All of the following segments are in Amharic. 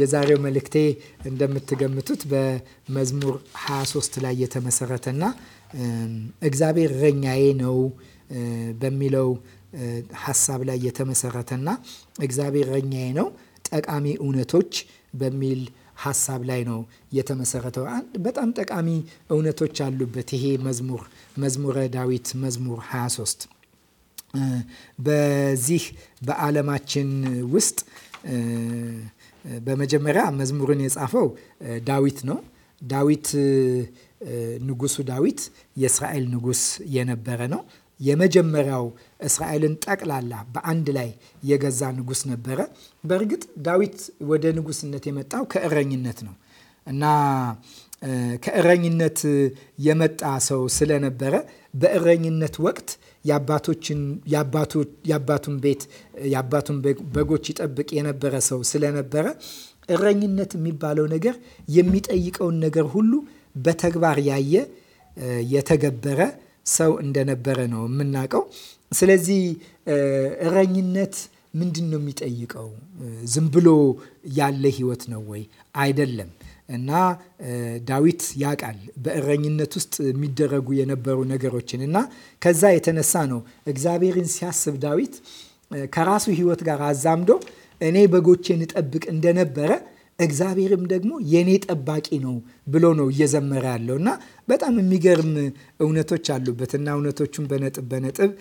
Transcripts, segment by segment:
የዛሬው መልእክቴ እንደምትገምቱት በመዝሙር 23 ላይ የተመሰረተና እግዚአብሔር እረኛዬ ነው በሚለው ሀሳብ ላይ የተመሰረተና እግዚአብሔር እረኛዬ ነው ጠቃሚ እውነቶች በሚል ሀሳብ ላይ ነው የተመሰረተው። በጣም ጠቃሚ እውነቶች አሉበት ይሄ መዝሙር መዝሙረ ዳዊት መዝሙር 23 በዚህ በዓለማችን ውስጥ በመጀመሪያ መዝሙርን የጻፈው ዳዊት ነው። ዳዊት ንጉሱ ዳዊት የእስራኤል ንጉስ የነበረ ነው። የመጀመሪያው እስራኤልን ጠቅላላ በአንድ ላይ የገዛ ንጉስ ነበረ። በእርግጥ ዳዊት ወደ ንጉስነት የመጣው ከእረኝነት ነው እና ከእረኝነት የመጣ ሰው ስለነበረ በእረኝነት ወቅት የአባቱን ቤት የአባቱን በጎች ይጠብቅ የነበረ ሰው ስለነበረ እረኝነት የሚባለው ነገር የሚጠይቀውን ነገር ሁሉ በተግባር ያየ የተገበረ ሰው እንደነበረ ነው የምናውቀው። ስለዚህ እረኝነት ምንድን ነው የሚጠይቀው? ዝም ብሎ ያለ ህይወት ነው ወይ? አይደለም። እና ዳዊት ያውቃል በእረኝነት ውስጥ የሚደረጉ የነበሩ ነገሮችን እና ከዛ የተነሳ ነው እግዚአብሔርን ሲያስብ ዳዊት ከራሱ ሕይወት ጋር አዛምዶ እኔ በጎቼን እጠብቅ እንደነበረ እግዚአብሔርም ደግሞ የኔ ጠባቂ ነው ብሎ ነው እየዘመረ ያለው እና በጣም የሚገርም እውነቶች አሉበት እና እውነቶቹን በነጥብ በነጥብ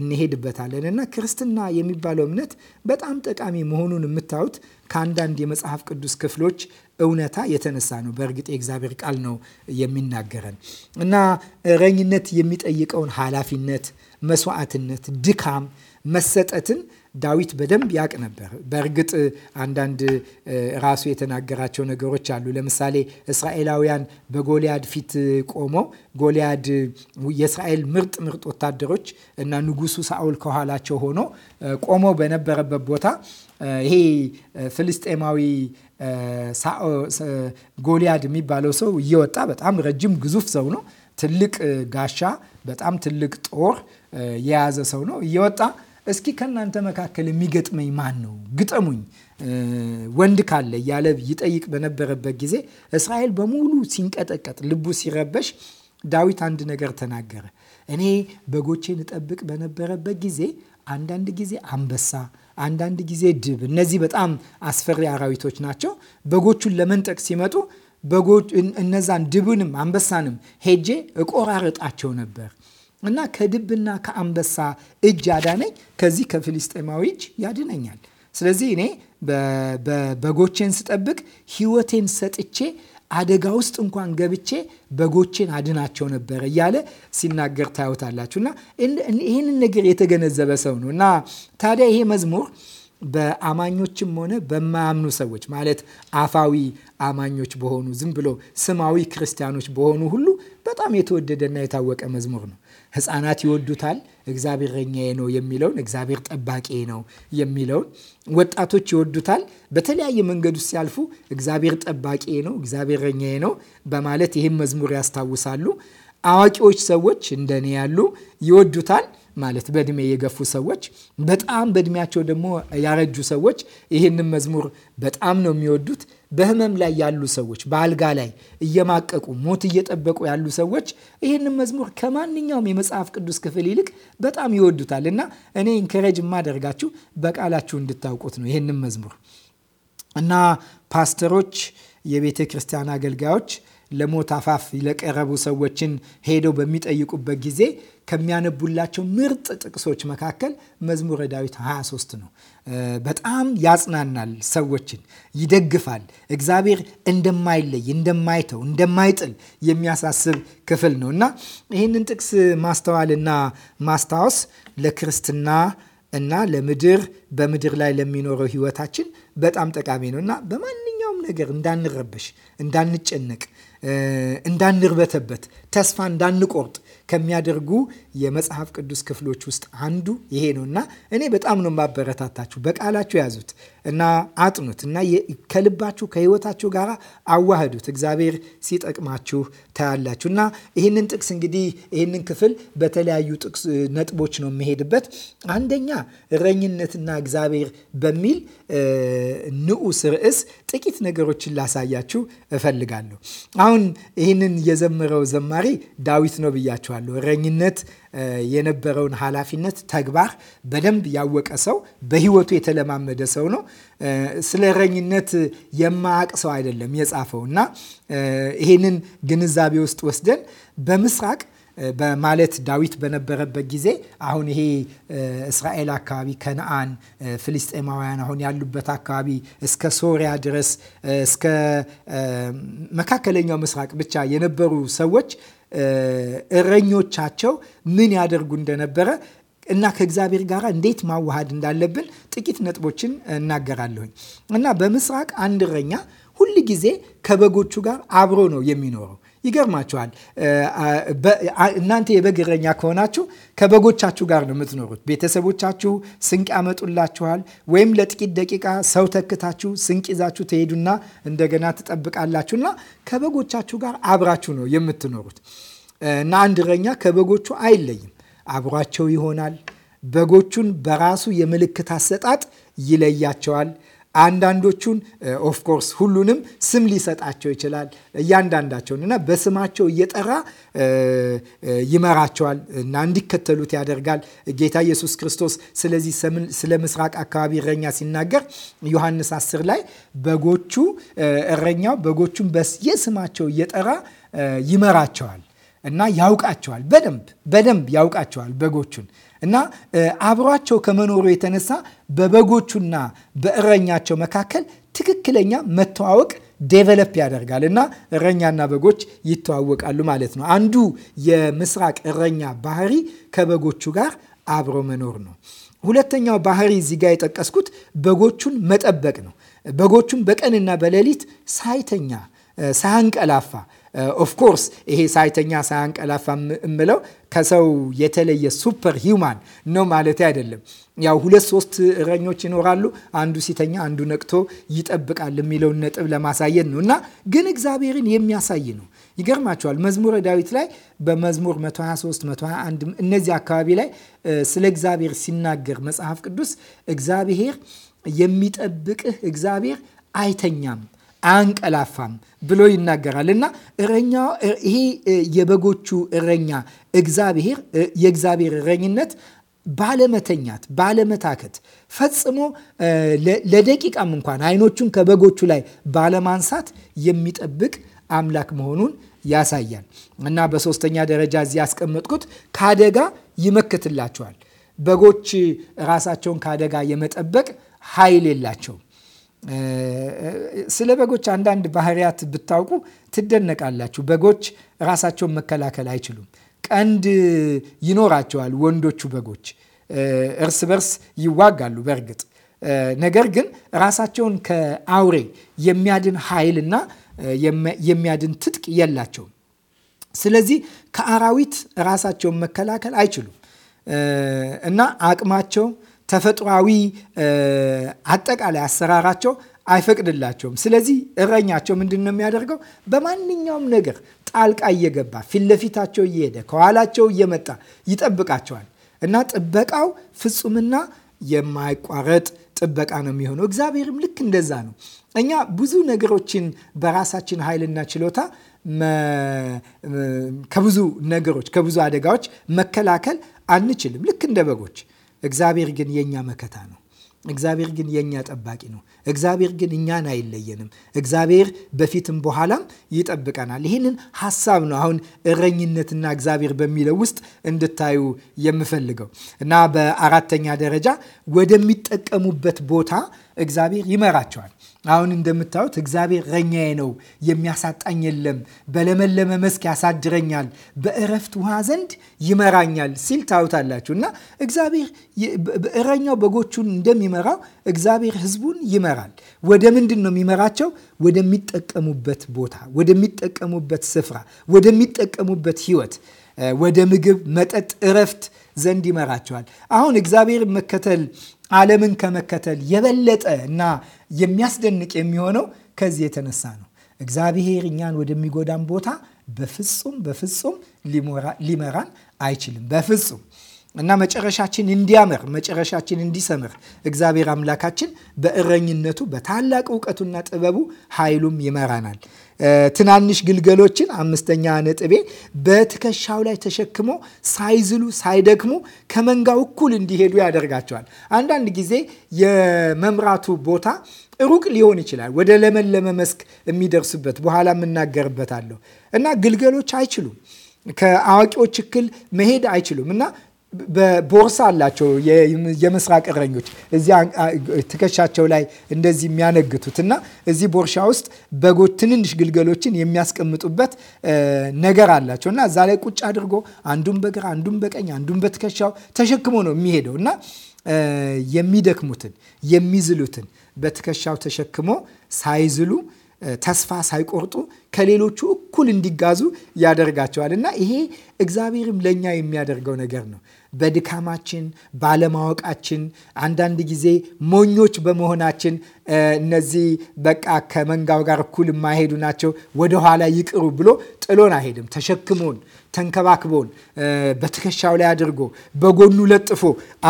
እንሄድበታለን እና ክርስትና የሚባለው እምነት በጣም ጠቃሚ መሆኑን የምታዩት ከአንዳንድ የመጽሐፍ ቅዱስ ክፍሎች እውነታ የተነሳ ነው። በእርግጥ የእግዚአብሔር ቃል ነው የሚናገረን እና እረኝነት የሚጠይቀውን ኃላፊነት፣ መስዋዕትነት፣ ድካም መሰጠትን ዳዊት በደንብ ያቅ ነበር። በእርግጥ አንዳንድ ራሱ የተናገራቸው ነገሮች አሉ። ለምሳሌ እስራኤላውያን በጎልያድ ፊት ቆመው ጎልያድ የእስራኤል ምርጥ ምርጥ ወታደሮች እና ንጉሱ ሳኦል ከኋላቸው ሆኖ ቆመው በነበረበት ቦታ ይሄ ፍልስጤማዊ ጎልያድ የሚባለው ሰው እየወጣ በጣም ረጅም ግዙፍ ሰው ነው። ትልቅ ጋሻ፣ በጣም ትልቅ ጦር የያዘ ሰው ነው እየወጣ እስኪ ከእናንተ መካከል የሚገጥመኝ ማን ነው? ግጠሙኝ ወንድ ካለ እያለ ይጠይቅ በነበረበት ጊዜ እስራኤል በሙሉ ሲንቀጠቀጥ፣ ልቡ ሲረበሽ ዳዊት አንድ ነገር ተናገረ። እኔ በጎቼን እጠብቅ በነበረበት ጊዜ አንዳንድ ጊዜ አንበሳ፣ አንዳንድ ጊዜ ድብ፣ እነዚህ በጣም አስፈሪ አራዊቶች ናቸው። በጎቹን ለመንጠቅ ሲመጡ እነዛን ድብንም አንበሳንም ሄጄ እቆራረጣቸው ነበር እና ከድብና ከአንበሳ እጅ አዳነኝ፣ ከዚህ ከፊልስጤማዊ እጅ ያድነኛል። ስለዚህ እኔ በጎቼን ስጠብቅ ሕይወቴን ሰጥቼ አደጋ ውስጥ እንኳን ገብቼ በጎቼን አድናቸው ነበር እያለ ሲናገር ታዩታላችሁ። እና ይህንን ነገር የተገነዘበ ሰው ነው እና ታዲያ ይሄ መዝሙር በአማኞችም ሆነ በማያምኑ ሰዎች ማለት አፋዊ አማኞች በሆኑ ዝም ብሎ ስማዊ ክርስቲያኖች በሆኑ ሁሉ በጣም የተወደደና የታወቀ መዝሙር ነው። ሕፃናት ይወዱታል። እግዚአብሔር እረኛዬ ነው የሚለውን እግዚአብሔር ጠባቂ ነው የሚለውን ወጣቶች ይወዱታል። በተለያየ መንገዱ ሲያልፉ እግዚአብሔር ጠባቂ ነው፣ እግዚአብሔር ነው በማለት ይህም መዝሙር ያስታውሳሉ። አዋቂዎች ሰዎች እንደኔ ያሉ ይወዱታል። ማለት በእድሜ የገፉ ሰዎች በጣም በእድሜያቸው ደግሞ ያረጁ ሰዎች ይህንን መዝሙር በጣም ነው የሚወዱት። በህመም ላይ ያሉ ሰዎች፣ በአልጋ ላይ እየማቀቁ ሞት እየጠበቁ ያሉ ሰዎች ይህንን መዝሙር ከማንኛውም የመጽሐፍ ቅዱስ ክፍል ይልቅ በጣም ይወዱታል እና እኔ ኢንከረጅ የማደርጋችሁ በቃላችሁ እንድታውቁት ነው ይህንን መዝሙር እና ፓስተሮች፣ የቤተ ክርስቲያን አገልጋዮች ለሞት አፋፍ ለቀረቡ ሰዎችን ሄደው በሚጠይቁበት ጊዜ ከሚያነቡላቸው ምርጥ ጥቅሶች መካከል መዝሙረ ዳዊት 23 ነው። በጣም ያጽናናል፣ ሰዎችን ይደግፋል። እግዚአብሔር እንደማይለይ፣ እንደማይተው፣ እንደማይጥል የሚያሳስብ ክፍል ነው እና ይህንን ጥቅስ ማስተዋልና ማስታወስ ለክርስትና እና ለምድር በምድር ላይ ለሚኖረው ህይወታችን በጣም ጠቃሚ ነው እና በማንኛውም ነገር እንዳንረበሽ፣ እንዳንጨነቅ እንዳንርበተበት፣ ተስፋ እንዳንቆርጥ ከሚያደርጉ የመጽሐፍ ቅዱስ ክፍሎች ውስጥ አንዱ ይሄ ነው እና እኔ በጣም ነው ማበረታታችሁ። በቃላችሁ ያዙት። እና አጥኑት እና ከልባችሁ ከህይወታችሁ ጋር አዋህዱት። እግዚአብሔር ሲጠቅማችሁ ታያላችሁ። እና ይህንን ጥቅስ እንግዲህ ይህንን ክፍል በተለያዩ ጥቅስ ነጥቦች ነው የሚሄድበት። አንደኛ እረኝነትና እግዚአብሔር በሚል ንዑስ ርዕስ ጥቂት ነገሮችን ላሳያችሁ እፈልጋለሁ። አሁን ይህንን የዘመረው ዘማሪ ዳዊት ነው ብያችኋለሁ። እረኝነት የነበረውን ኃላፊነት ተግባር በደንብ ያወቀ ሰው በህይወቱ የተለማመደ ሰው ነው። ስለ እረኝነት የማያቅ ሰው አይደለም የጻፈው እና ይሄንን ግንዛቤ ውስጥ ወስደን በምስራቅ በማለት ዳዊት በነበረበት ጊዜ አሁን ይሄ እስራኤል አካባቢ ከነአን፣ ፍልስጤማውያን አሁን ያሉበት አካባቢ እስከ ሶሪያ ድረስ እስከ መካከለኛው ምስራቅ ብቻ የነበሩ ሰዎች እረኞቻቸው ምን ያደርጉ እንደነበረ እና ከእግዚአብሔር ጋር እንዴት ማዋሃድ እንዳለብን ጥቂት ነጥቦችን እናገራለሁኝ። እና በምስራቅ አንድ እረኛ ሁል ጊዜ ከበጎቹ ጋር አብሮ ነው የሚኖረው። ይገርማችኋል። እናንተ የበግ እረኛ ከሆናችሁ ከበጎቻችሁ ጋር ነው የምትኖሩት። ቤተሰቦቻችሁ ስንቅ ያመጡላችኋል። ወይም ለጥቂት ደቂቃ ሰው ተክታችሁ ስንቅ ይዛችሁ ትሄዱና እንደገና ትጠብቃላችሁና ከበጎቻችሁ ጋር አብራችሁ ነው የምትኖሩት እና አንድ እረኛ ከበጎቹ አይለይም፣ አብሯቸው ይሆናል። በጎቹን በራሱ የምልክት አሰጣጥ ይለያቸዋል። አንዳንዶቹን ኦፍኮርስ ሁሉንም ስም ሊሰጣቸው ይችላል። እያንዳንዳቸውን እና በስማቸው እየጠራ ይመራቸዋል እና እንዲከተሉት ያደርጋል ጌታ ኢየሱስ ክርስቶስ። ስለዚህ ስለ ምስራቅ አካባቢ እረኛ ሲናገር ዮሐንስ 10 ላይ በጎቹ እረኛው በጎቹን በየስማቸው እየጠራ ይመራቸዋል እና ያውቃቸዋል። በደንብ በደንብ ያውቃቸዋል በጎቹን እና አብሯቸው ከመኖሩ የተነሳ በበጎቹና በእረኛቸው መካከል ትክክለኛ መተዋወቅ ዴቨሎፕ ያደርጋል እና እረኛና በጎች ይተዋወቃሉ ማለት ነው። አንዱ የምስራቅ እረኛ ባህሪ ከበጎቹ ጋር አብሮ መኖር ነው። ሁለተኛው ባህሪ እዚህ ጋር የጠቀስኩት በጎቹን መጠበቅ ነው። በጎቹን በቀንና በሌሊት ሳይተኛ ሳያንቀላፋ ኦፍኮርስ uh, ይሄ ሳይተኛ ሳያንቀላፋ እምለው ከሰው የተለየ ሱፐር ሂውማን ነው ማለት አይደለም። ያው ሁለት ሶስት እረኞች ይኖራሉ፣ አንዱ ሲተኛ አንዱ ነቅቶ ይጠብቃል የሚለውን ነጥብ ለማሳየት ነው እና ግን እግዚአብሔርን የሚያሳይ ነው። ይገርማቸዋል። መዝሙረ ዳዊት ላይ በመዝሙር 123 121 እነዚህ አካባቢ ላይ uh, ስለ እግዚአብሔር ሲናገር መጽሐፍ ቅዱስ እግዚአብሔር የሚጠብቅህ እግዚአብሔር አይተኛም አንቀላፋም ብሎ ይናገራል እና እረኛ ይሄ የበጎቹ እረኛ እግዚአብሔር የእግዚአብሔር እረኝነት ባለመተኛት ባለመታከት ፈጽሞ ለደቂቃም እንኳን አይኖቹን ከበጎቹ ላይ ባለማንሳት የሚጠብቅ አምላክ መሆኑን ያሳያል እና በሶስተኛ ደረጃ እዚህ ያስቀመጥኩት ከአደጋ ይመክትላቸዋል። በጎች ራሳቸውን ከአደጋ የመጠበቅ ኃይል የላቸውም። ስለ በጎች አንዳንድ ባህሪያት ብታውቁ ትደነቃላችሁ። በጎች ራሳቸውን መከላከል አይችሉም። ቀንድ ይኖራቸዋል። ወንዶቹ በጎች እርስ በርስ ይዋጋሉ በእርግጥ ነገር ግን ራሳቸውን ከአውሬ የሚያድን ኃይልና የሚያድን ትጥቅ የላቸውም። ስለዚህ ከአራዊት ራሳቸውን መከላከል አይችሉም እና አቅማቸው ተፈጥሯዊ አጠቃላይ አሰራራቸው አይፈቅድላቸውም። ስለዚህ እረኛቸው ምንድን ነው የሚያደርገው? በማንኛውም ነገር ጣልቃ እየገባ ፊትለፊታቸው እየሄደ ከኋላቸው እየመጣ ይጠብቃቸዋል እና ጥበቃው ፍጹምና የማይቋረጥ ጥበቃ ነው የሚሆነው። እግዚአብሔርም ልክ እንደዛ ነው። እኛ ብዙ ነገሮችን በራሳችን ኃይልና ችሎታ ከብዙ ነገሮች ከብዙ አደጋዎች መከላከል አንችልም ልክ እንደ በጎች እግዚአብሔር ግን የእኛ መከታ ነው። እግዚአብሔር ግን የእኛ ጠባቂ ነው። እግዚአብሔር ግን እኛን አይለየንም። እግዚአብሔር በፊትም በኋላም ይጠብቀናል። ይህንን ሀሳብ ነው አሁን እረኝነትና እግዚአብሔር በሚለው ውስጥ እንድታዩ የምፈልገው እና በአራተኛ ደረጃ ወደሚጠቀሙበት ቦታ እግዚአብሔር ይመራቸዋል። አሁን እንደምታዩት እግዚአብሔር እረኛዬ ነው፣ የሚያሳጣኝ የለም። በለመለመ መስክ ያሳድረኛል፣ በእረፍት ውሃ ዘንድ ይመራኛል ሲል ታዩታላችሁ። እና እግዚአብሔር እረኛው በጎቹን እንደሚመራው እግዚአብሔር ሕዝቡን ይመራል። ወደ ምንድን ነው የሚመራቸው? ወደሚጠቀሙበት ቦታ፣ ወደሚጠቀሙበት ስፍራ፣ ወደሚጠቀሙበት ሕይወት፣ ወደ ምግብ፣ መጠጥ፣ እረፍት ዘንድ ይመራቸዋል። አሁን እግዚአብሔር መከተል ዓለምን ከመከተል የበለጠ እና የሚያስደንቅ የሚሆነው ከዚህ የተነሳ ነው። እግዚአብሔር እኛን ወደሚጎዳን ቦታ በፍጹም በፍጹም ሊመራን አይችልም። በፍጹም እና መጨረሻችን እንዲያምር መጨረሻችን እንዲሰምር እግዚአብሔር አምላካችን በእረኝነቱ በታላቅ እውቀቱና ጥበቡ ኃይሉም ይመራናል። ትናንሽ ግልገሎችን አምስተኛ ነጥቤ በትከሻው ላይ ተሸክሞ ሳይዝሉ ሳይደክሙ ከመንጋው እኩል እንዲሄዱ ያደርጋቸዋል። አንዳንድ ጊዜ የመምራቱ ቦታ ሩቅ ሊሆን ይችላል። ወደ ለመለመ መስክ የሚደርሱበት በኋላ የምናገርበታለሁ እና ግልገሎች አይችሉም ከአዋቂዎች እክል መሄድ አይችሉም እና በቦርሳ አላቸው የምስራቅ እረኞች እዚያ ትከሻቸው ላይ እንደዚህ የሚያነግቱት እና እዚህ ቦርሻ ውስጥ በጎች ትንንሽ ግልገሎችን የሚያስቀምጡበት ነገር አላቸው እና እዛ ላይ ቁጭ አድርጎ አንዱን በግራ አንዱን በቀኝ አንዱን በትከሻው ተሸክሞ ነው የሚሄደው እና የሚደክሙትን የሚዝሉትን በትከሻው ተሸክሞ ሳይዝሉ ተስፋ ሳይቆርጡ ከሌሎቹ እኩል እንዲጋዙ ያደርጋቸዋል እና ይሄ እግዚአብሔርም ለእኛ የሚያደርገው ነገር ነው። በድካማችን፣ ባለማወቃችን፣ አንዳንድ ጊዜ ሞኞች በመሆናችን እነዚህ በቃ ከመንጋው ጋር እኩል የማይሄዱ ናቸው ወደኋላ ይቅሩ ብሎ ጥሎን አይሄድም። ተሸክሞን፣ ተንከባክቦን፣ በትከሻው ላይ አድርጎ በጎኑ ለጥፎ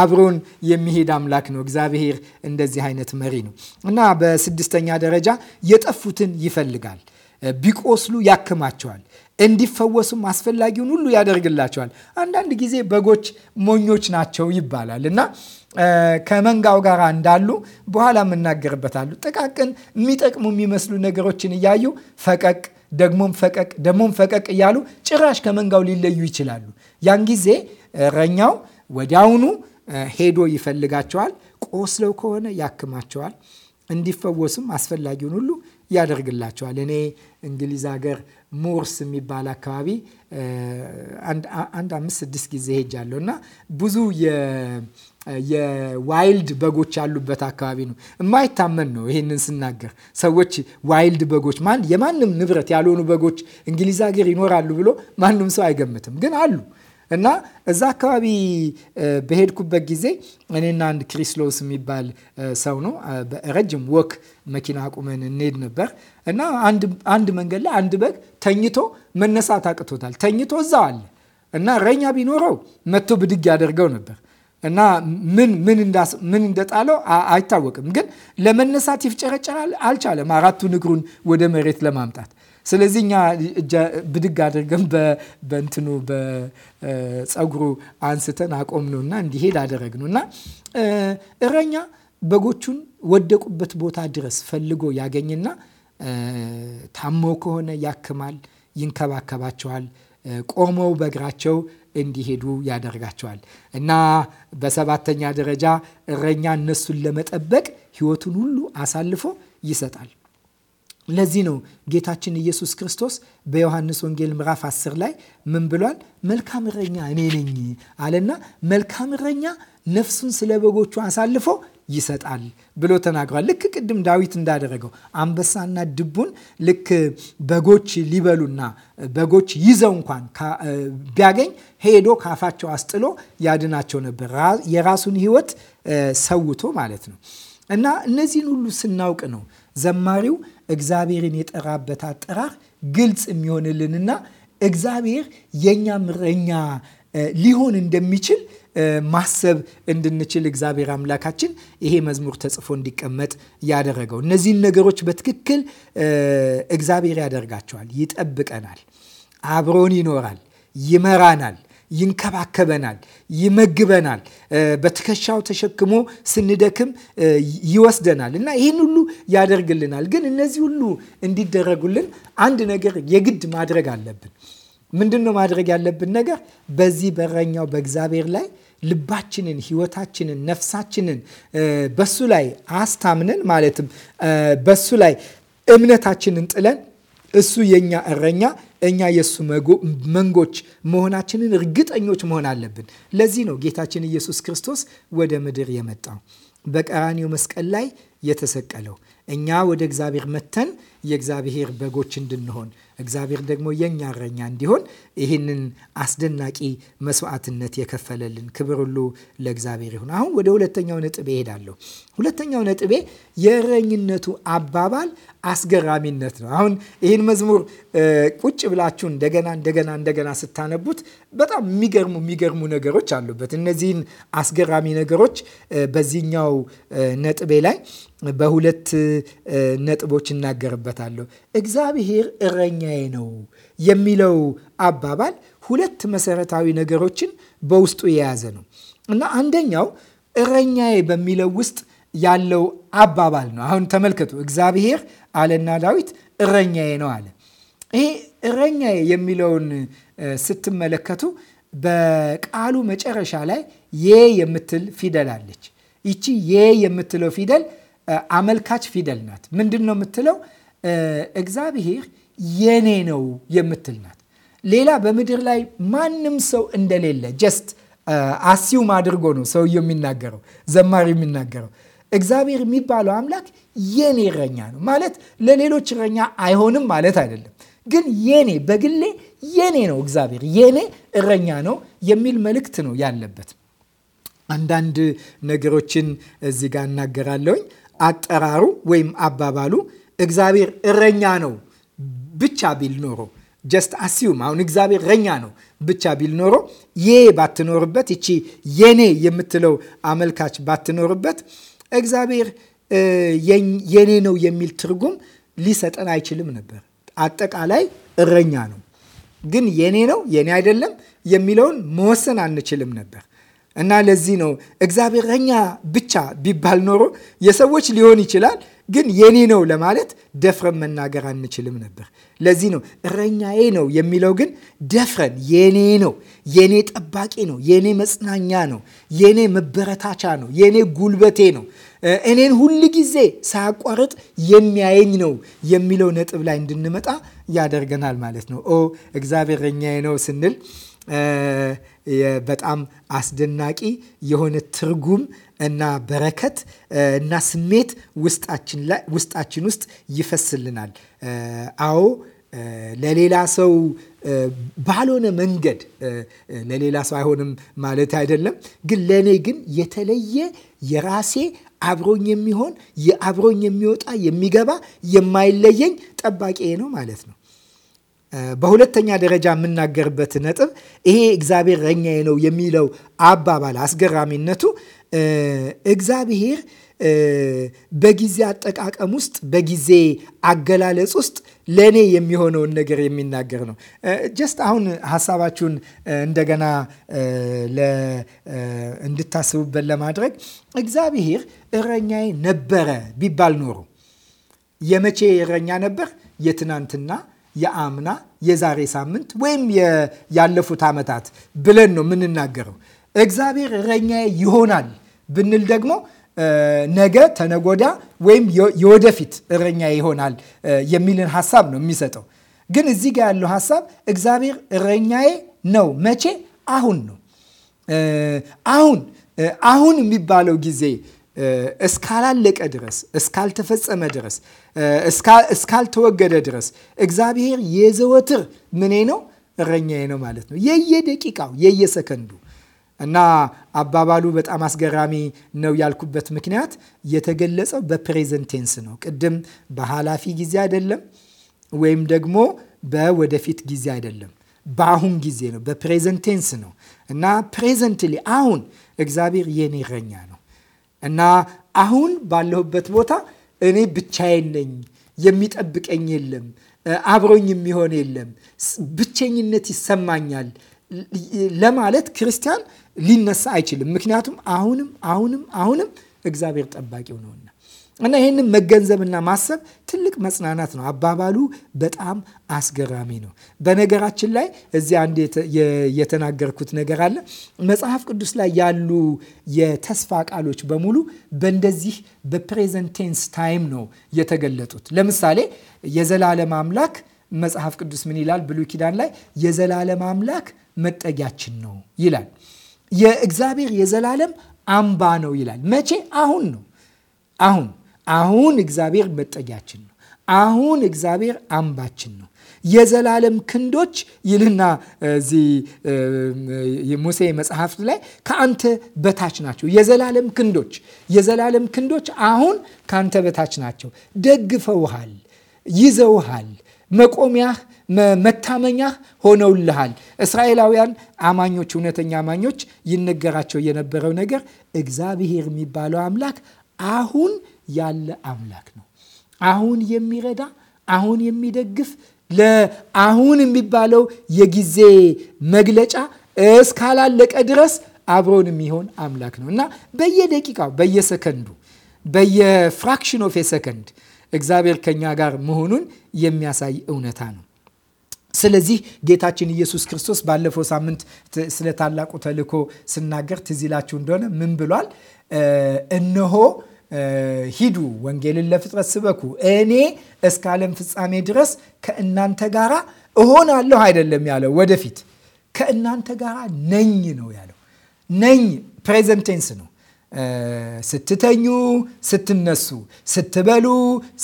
አብሮን የሚሄድ አምላክ ነው። እግዚአብሔር እንደዚህ አይነት መሪ ነው እና በስድስተኛ ደረጃ የጠፉትን ይፈልጋል። ቢቆስሉ ያክማቸዋል፣ እንዲፈወሱም አስፈላጊውን ሁሉ ያደርግላቸዋል። አንዳንድ ጊዜ በጎች ሞኞች ናቸው ይባላል እና ከመንጋው ጋር እንዳሉ በኋላ የምናገርበታሉ። ጥቃቅን የሚጠቅሙ የሚመስሉ ነገሮችን እያዩ ፈቀቅ ደግሞም ፈቀቅ ደግሞም ፈቀቅ እያሉ ጭራሽ ከመንጋው ሊለዩ ይችላሉ። ያን ጊዜ እረኛው ወዲያውኑ ሄዶ ይፈልጋቸዋል። ቆስለው ከሆነ ያክማቸዋል። እንዲፈወሱም አስፈላጊውን ሁሉ ያደርግላቸዋል። እኔ እንግሊዝ ሀገር ሙርስ የሚባል አካባቢ አንድ አምስት ስድስት ጊዜ ሄጃለሁ እና ብዙ የዋይልድ በጎች ያሉበት አካባቢ ነው። የማይታመን ነው። ይሄንን ስናገር ሰዎች ዋይልድ በጎች የማንም ንብረት ያልሆኑ በጎች እንግሊዝ ሀገር ይኖራሉ ብሎ ማንም ሰው አይገምትም፣ ግን አሉ እና እዛ አካባቢ በሄድኩበት ጊዜ እኔና አንድ ክሪስሎስ የሚባል ሰው ነው ረጅም ወክ መኪና አቁመን እንሄድ ነበር እና አንድ መንገድ ላይ አንድ በግ ተኝቶ መነሳት አቅቶታል። ተኝቶ እዛው አለ እና እረኛ ቢኖረው መጥቶ ብድግ ያደርገው ነበር እና ምን ምን እንደጣለው አይታወቅም፣ ግን ለመነሳት ይፍጨረጨራል። አልቻለም አራቱን እግሩን ወደ መሬት ለማምጣት ስለዚህ እኛ ብድግ አድርገን በእንትኑ በፀጉሩ አንስተን እና እንዲሄድ አደረግነው እና እረኛ በጎቹን ወደቁበት ቦታ ድረስ ፈልጎ ያገኝና ታሞ ከሆነ ያክማል፣ ይንከባከባቸዋል። ቆመው በእግራቸው እንዲሄዱ ያደርጋቸዋል እና በሰባተኛ ደረጃ እረኛ እነሱን ለመጠበቅ ሕይወቱን ሁሉ አሳልፎ ይሰጣል። ለዚህ ነው ጌታችን ኢየሱስ ክርስቶስ በዮሐንስ ወንጌል ምዕራፍ 10 ላይ ምን ብሏል? መልካም እረኛ እኔ ነኝ አለና መልካም እረኛ ነፍሱን ስለ በጎቹ አሳልፎ ይሰጣል ብሎ ተናግሯል። ልክ ቅድም ዳዊት እንዳደረገው አንበሳና ድቡን ልክ በጎች ሊበሉና በጎች ይዘው እንኳን ቢያገኝ ሄዶ ካፋቸው አስጥሎ ያድናቸው ነበር፣ የራሱን ሕይወት ሰውቶ ማለት ነው። እና እነዚህን ሁሉ ስናውቅ ነው ዘማሪው እግዚአብሔርን የጠራበት አጠራር ግልጽ የሚሆንልንና እግዚአብሔር የእኛ ምረኛ ሊሆን እንደሚችል ማሰብ እንድንችል እግዚአብሔር አምላካችን ይሄ መዝሙር ተጽፎ እንዲቀመጥ ያደረገው እነዚህን ነገሮች በትክክል እግዚአብሔር ያደርጋቸዋል። ይጠብቀናል፣ አብሮን ይኖራል፣ ይመራናል ይንከባከበናል፣ ይመግበናል፣ በትከሻው ተሸክሞ ስንደክም ይወስደናል እና ይህን ሁሉ ያደርግልናል። ግን እነዚህ ሁሉ እንዲደረጉልን አንድ ነገር የግድ ማድረግ አለብን። ምንድን ነው ማድረግ ያለብን ነገር? በዚህ በረኛው በእግዚአብሔር ላይ ልባችንን፣ ህይወታችንን፣ ነፍሳችንን በሱ ላይ አስታምነን ማለትም በሱ ላይ እምነታችንን ጥለን እሱ የኛ እረኛ እኛ የእሱ መንጎች መሆናችንን እርግጠኞች መሆን አለብን። ለዚህ ነው ጌታችን ኢየሱስ ክርስቶስ ወደ ምድር የመጣው በቀራኒው መስቀል ላይ የተሰቀለው እኛ ወደ እግዚአብሔር መተን የእግዚአብሔር በጎች እንድንሆን እግዚአብሔር ደግሞ የእኛ እረኛ እንዲሆን ይህንን አስደናቂ መስዋዕትነት የከፈለልን ክብር ሁሉ ለእግዚአብሔር ይሁን። አሁን ወደ ሁለተኛው ነጥቤ እሄዳለሁ። ሁለተኛው ነጥቤ የእረኝነቱ አባባል አስገራሚነት ነው። አሁን ይህን መዝሙር ቁጭ ብላችሁ እንደገና እንደገና እንደገና ስታነቡት በጣም የሚገርሙ የሚገርሙ ነገሮች አሉበት። እነዚህን አስገራሚ ነገሮች በዚህኛው ነጥቤ ላይ በሁለት ነጥቦች እናገርበታለሁ። እግዚአብሔር እረኛ መጠገኛዬ ነው የሚለው አባባል ሁለት መሰረታዊ ነገሮችን በውስጡ የያዘ ነው እና አንደኛው እረኛዬ በሚለው ውስጥ ያለው አባባል ነው። አሁን ተመልከቱ። እግዚአብሔር አለና ዳዊት እረኛዬ ነው አለ። ይሄ እረኛዬ የሚለውን ስትመለከቱ በቃሉ መጨረሻ ላይ የ የምትል ፊደል አለች። ይቺ የ የምትለው ፊደል አመልካች ፊደል ናት። ምንድን ነው የምትለው? እግዚአብሔር የኔ ነው የምትል ናት። ሌላ በምድር ላይ ማንም ሰው እንደሌለ ጀስት አሲውም uh, አድርጎ ነው ሰውየው የሚናገረው ዘማሪ የሚናገረው። እግዚአብሔር የሚባለው አምላክ የኔ እረኛ ነው ማለት ለሌሎች እረኛ አይሆንም ማለት አይደለም፣ ግን የኔ በግሌ የኔ ነው እግዚአብሔር የኔ እረኛ ነው የሚል መልእክት ነው ያለበት። አንዳንድ ነገሮችን እዚህ ጋር እናገራለሁኝ። አጠራሩ ወይም አባባሉ እግዚአብሔር እረኛ ነው ብቻ ቢል ኖሮ ጀስት አሲዩም አሁን እግዚአብሔር እረኛ ነው ብቻ ቢል ኖሮ ዬ ባትኖርበት፣ ይቺ የኔ የምትለው አመልካች ባትኖርበት እግዚአብሔር የኔ ነው የሚል ትርጉም ሊሰጠን አይችልም ነበር። አጠቃላይ እረኛ ነው፣ ግን የኔ ነው የኔ አይደለም የሚለውን መወሰን አንችልም ነበር። እና ለዚህ ነው እግዚአብሔረኛ ብቻ ቢባል ኖሮ የሰዎች ሊሆን ይችላል፣ ግን የኔ ነው ለማለት ደፍረን መናገር አንችልም ነበር። ለዚህ ነው እረኛዬ ነው የሚለው፣ ግን ደፍረን የኔ ነው፣ የኔ ጠባቂ ነው፣ የኔ መጽናኛ ነው፣ የኔ መበረታቻ ነው፣ የኔ ጉልበቴ ነው፣ እኔን ሁል ጊዜ ሳያቋርጥ የሚያየኝ ነው የሚለው ነጥብ ላይ እንድንመጣ ያደርገናል ማለት ነው። ኦ እግዚአብሔር እረኛዬ ነው ስንል በጣም አስደናቂ የሆነ ትርጉም እና በረከት እና ስሜት ውስጣችን ውስጥ ይፈስልናል። አዎ ለሌላ ሰው ባልሆነ መንገድ ለሌላ ሰው አይሆንም ማለት አይደለም፣ ግን ለእኔ ግን የተለየ የራሴ አብሮኝ የሚሆን የአብሮኝ የሚወጣ የሚገባ የማይለየኝ ጠባቂ ነው ማለት ነው። በሁለተኛ ደረጃ የምናገርበት ነጥብ ይሄ እግዚአብሔር እረኛዬ ነው የሚለው አባባል አስገራሚነቱ እግዚአብሔር በጊዜ አጠቃቀም ውስጥ በጊዜ አገላለጽ ውስጥ ለእኔ የሚሆነውን ነገር የሚናገር ነው። ጀስት አሁን ሀሳባችሁን እንደገና እንድታስቡበት ለማድረግ እግዚአብሔር እረኛዬ ነበረ ቢባል ኖሮ የመቼ እረኛ ነበር? የትናንትና የአምና የዛሬ ሳምንት ወይም ያለፉት ዓመታት ብለን ነው የምንናገረው። እግዚአብሔር እረኛዬ ይሆናል ብንል ደግሞ ነገ ተነጎዳ ወይም የወደፊት እረኛ ይሆናል የሚልን ሀሳብ ነው የሚሰጠው። ግን እዚህ ጋር ያለው ሀሳብ እግዚአብሔር እረኛዬ ነው። መቼ? አሁን ነው። አሁን አሁን የሚባለው ጊዜ እስካላለቀ ድረስ እስካልተፈጸመ ድረስ እስካልተወገደ ድረስ እግዚአብሔር የዘወትር ምኔ ነው እረኛዬ ነው ማለት ነው። የየደቂቃው የየሰከንዱ እና አባባሉ በጣም አስገራሚ ነው ያልኩበት ምክንያት የተገለጸው በፕሬዘንቴንስ ነው። ቅድም በኃላፊ ጊዜ አይደለም፣ ወይም ደግሞ በወደፊት ጊዜ አይደለም፣ በአሁን ጊዜ ነው፣ በፕሬዘንቴንስ ነው እና ፕሬዘንትሊ አሁን እግዚአብሔር የኔ እረኛ ነው እና አሁን ባለሁበት ቦታ እኔ ብቻዬን ነኝ፣ የሚጠብቀኝ የለም፣ አብሮኝ የሚሆን የለም፣ ብቸኝነት ይሰማኛል ለማለት ክርስቲያን ሊነሳ አይችልም። ምክንያቱም አሁንም አሁንም አሁንም እግዚአብሔር ጠባቂው ነውና እና ይህንን መገንዘብና ማሰብ ትልቅ መጽናናት ነው። አባባሉ በጣም አስገራሚ ነው። በነገራችን ላይ እዚህ አንድ የተናገርኩት ነገር አለ። መጽሐፍ ቅዱስ ላይ ያሉ የተስፋ ቃሎች በሙሉ በእንደዚህ በፕሬዘንቴንስ ታይም ነው የተገለጡት። ለምሳሌ የዘላለም አምላክ መጽሐፍ ቅዱስ ምን ይላል? ብሉይ ኪዳን ላይ የዘላለም አምላክ መጠጊያችን ነው ይላል። የእግዚአብሔር የዘላለም አምባ ነው ይላል። መቼ? አሁን ነው አሁን አሁን እግዚአብሔር መጠጊያችን ነው። አሁን እግዚአብሔር አምባችን ነው። የዘላለም ክንዶች ይልና እዚህ ሙሴ መጽሐፍት ላይ ከአንተ በታች ናቸው። የዘላለም ክንዶች የዘላለም ክንዶች አሁን ከአንተ በታች ናቸው። ደግፈውሃል፣ ይዘውሃል፣ መቆሚያህ መታመኛህ ሆነውልሃል። እስራኤላውያን አማኞች፣ እውነተኛ አማኞች ይነገራቸው የነበረው ነገር እግዚአብሔር የሚባለው አምላክ አሁን ያለ አምላክ ነው። አሁን የሚረዳ አሁን የሚደግፍ ለአሁን የሚባለው የጊዜ መግለጫ እስካላለቀ ድረስ አብሮን የሚሆን አምላክ ነው እና በየደቂቃው፣ በየሰከንዱ፣ በየፍራክሽን ኦፍ የሰከንድ እግዚአብሔር ከኛ ጋር መሆኑን የሚያሳይ እውነታ ነው። ስለዚህ ጌታችን ኢየሱስ ክርስቶስ ባለፈው ሳምንት ስለ ታላቁ ተልእኮ ስናገር ትዝ ይላችሁ እንደሆነ ምን ብሏል? እነሆ ሂዱ ወንጌልን ለፍጥረት ስበኩ፣ እኔ እስከ ዓለም ፍጻሜ ድረስ ከእናንተ ጋራ እሆናለሁ አይደለም ያለው። ወደፊት ከእናንተ ጋራ ነኝ ነው ያለው። ነኝ ፕሬዘንቴንስ ነው። ስትተኙ፣ ስትነሱ፣ ስትበሉ፣